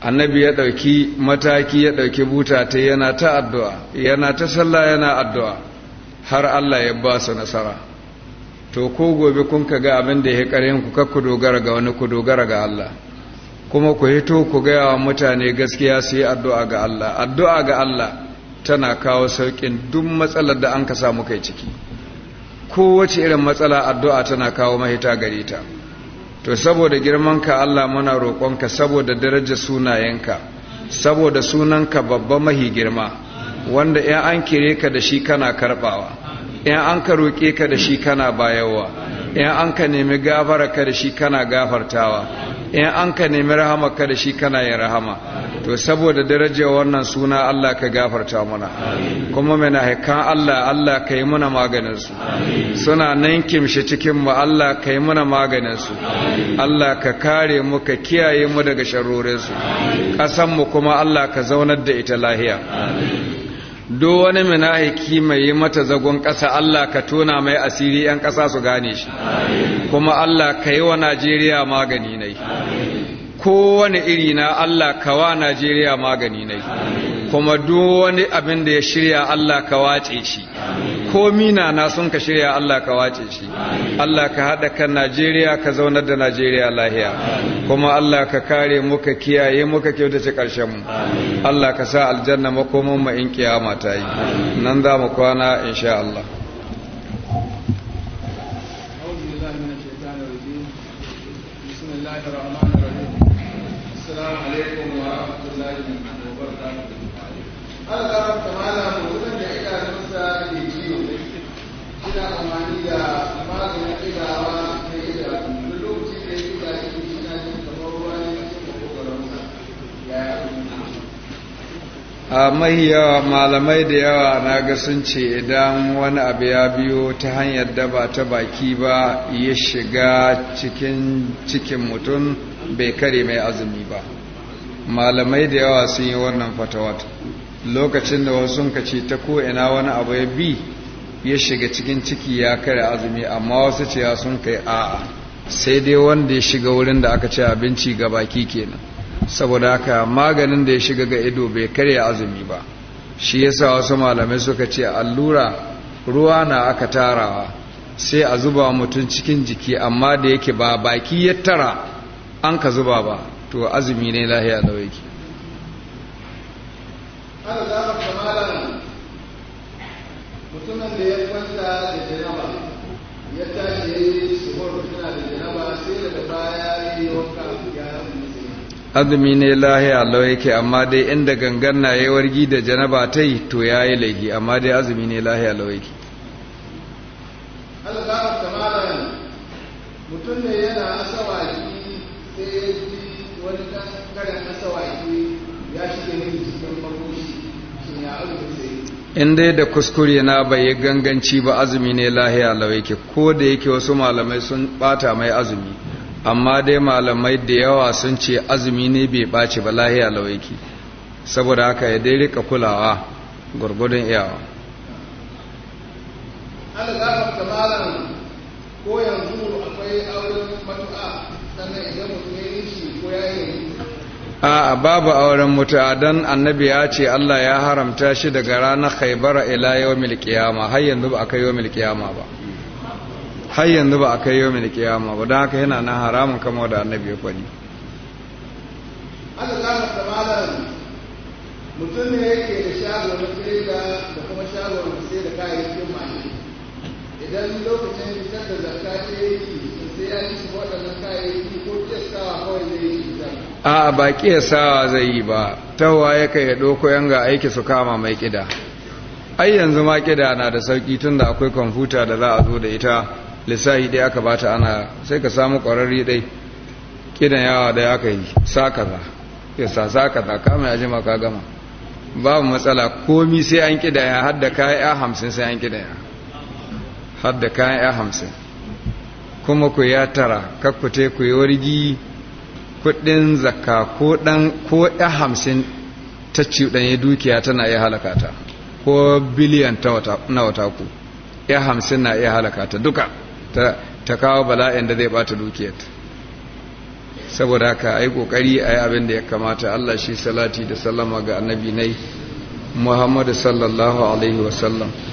annabi ya ɗauki mataki ya ɗauki buta ta yana ta addu'a yana ta sallah yana addu'a har Allah ya ba su nasara to ko gobe kun ka ga abin da ya ƙarin ku kakku dogara ga wani ku dogara ga Allah kuma ku hito ku gaya wa mutane gaskiya su yi addu'a ga Allah addu'a ga Allah tana kawo saukin duk matsalar da an ka samu kai ciki kowace irin matsala addu'a tana kawo mahita gare ta to saboda girmanka Allah muna roƙonka saboda daraja sunayenka saboda sunanka babba mahi girma wanda in an kire ka da shi kana karɓawa in an ka roƙe ka da shi kana bayarwa in an ka nemi gafara ka da shi kana gafartawa in an ka nemi rahama ka da shi kana yin rahama to saboda darajar wannan suna Allah ka gafarta mana kuma mai haikan Allah Allah ka yi muna maganin su suna nan kimshi cikin mu Allah ka yi muna maganin su Allah ka kare mu ka kiyaye mu daga sharorin su ƙasan mu kuma Allah ka zaunar da ita lahiya duk wani munafiki mai yi mata zagon ƙasa Allah ka tona mai asiri 'yan ƙasa su gane shi kuma Allah ka yi wa Najeriya magani nai kowane iri na Allah ka wa Najeriya magani nai kuma duk wani abin da ya shirya Allah ka wace shi ko mina na sun ka shirya Allah ka wace shi Allah ka haɗa kan Najeriya ka zaunar da Najeriya lahiya kuma Allah ka kare muka kiyaye muka ka kyautace ƙarshen mu Allah ka sa aljanna makomin mu in kiyama ta yi nan za mu kwana insha Allah a mai yawa malamai da yawa na ga sun ce idan wani abu ya biyo ta hanyar da ba ta baki ba ya shiga cikin cikin mutum bai kare mai azumi ba malamai da yawa sun yi wannan fatawat lokacin da wasu sun kace ta ko'ina wani abu ya bi ya shiga cikin ciki ya kare azumi amma wasu ce sun kai a'a sai dai wanda ya shiga wurin da aka ce abinci ga baki kenan saboda haka maganin da ya shiga ga ido bai karya azumi ba shi yasa wasu malamai suka ce allura ruwa na aka tarawa sai a zuba mutum cikin jiki amma da yake ba baki ya tara an ka zuba ba to azumi ne lahiya da yake ya tashi da sai daga baya ya azumi ne lahiya lau yake amma dai inda gangan na yi wargi da janaba ta yi to ya yi laifi amma dai azumi ne lahiya lau yake mutum ne yana asawaki sai ya ji wani karin asawaki ya shige ne cikin makoshi shi ya azumi in dai da kuskure na bai yi ganganci ba azumi ne lahiya lau yake ko da yake wasu malamai sun bata mai azumi amma dai malamai da yawa sun ce azumi ne bai ɓaci ba lahiya lawaiki saboda haka ya dai rika kulawa gwargwadon iyawa auren sannan a babu auren mutu'a don annabi ya ce Allah ya haramta shi daga ranar khaibara ila yau milkiyama har yanzu ba a kai yau milkiyama ba har yanzu ba a kai yau mai kiyama ba don haka yana nan haramun kama da annabi ya faɗi mutum ne yake da shagon sai da da kuma shagon da sai da kayayyakin mashi idan lokacin fitar da zakka ta yi sai ya ci waɗannan kayayyaki ko kiyastawa kawai zai yi a ba sawa zai yi ba tawa ya kai ya ɗauko yanga aiki su kama mai ƙida ai yanzu ma ƙida na da sauƙi tun da akwai kwamfuta da za a zo da ita lissahi dai aka bata ana sai ka samu ƙwararri dai kidan yawa dai aka yi sa kaza ya sa sa kaza kama ya jima ka gama babu matsala komi sai an kidaya har da kayan hamsin sai an kidaya har da kayan hamsin kuma ku ya tara kakkute ku yi wargi kudin zakka ko dan ko ya hamsin ta cuɗanye dukiya tana iya halaka ta ko biliyan na wata ku ya hamsin na iya halaka ta duka ta kawo bala'in da zai bata dukiyar saboda ka ai kokari ai abin da ya kamata Allah shi salati da sallama ga annabi nai Muhammad sallallahu alaihi wasallam